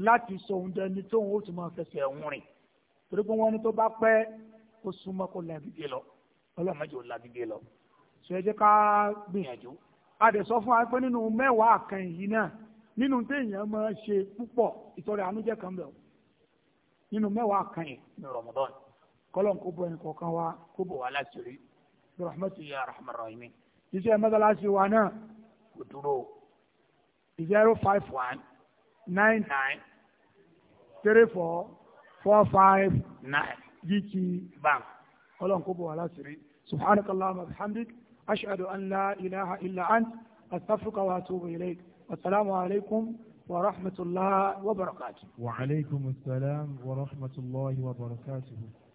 láti sọ ohun dẹni tóun ó ti máa fẹsẹ̀ ń rìn torí pé wọ́n ní tó bá pẹ́ kó súnmọ́ kó làbígbé lọ ọlọ́run mẹ́jọ làbígbé lọ sọ ẹ jẹ́ ká gbìyànjú a dẹ̀ sọ fún wa pé nínú mẹ́wàá kan yìí náà nínú téèyàn máa ṣe púpọ̀ ìtọrẹ àánújẹ́ kan bẹ̀ nínú mẹ́wàá kan yìí ní Ramadan kọ́lọ́n kó bọ ẹnì kọ̀ọ̀kan wa kó bọ̀ wá láti rí rahmatu ya rahman rahim. iṣẹ́ mọ́tàláṣí wa náà kò dúró zero five one nine nine three four four five nine GT bank kọ́lọ́n kó bọ̀ wá láti rí subhanakallahumma bihamdik. أشهد أن لا إله إلا أنت أستغفرك وأتوب إليك والسلام عليكم ورحمة الله وبركاته وعليكم السلام ورحمة الله وبركاته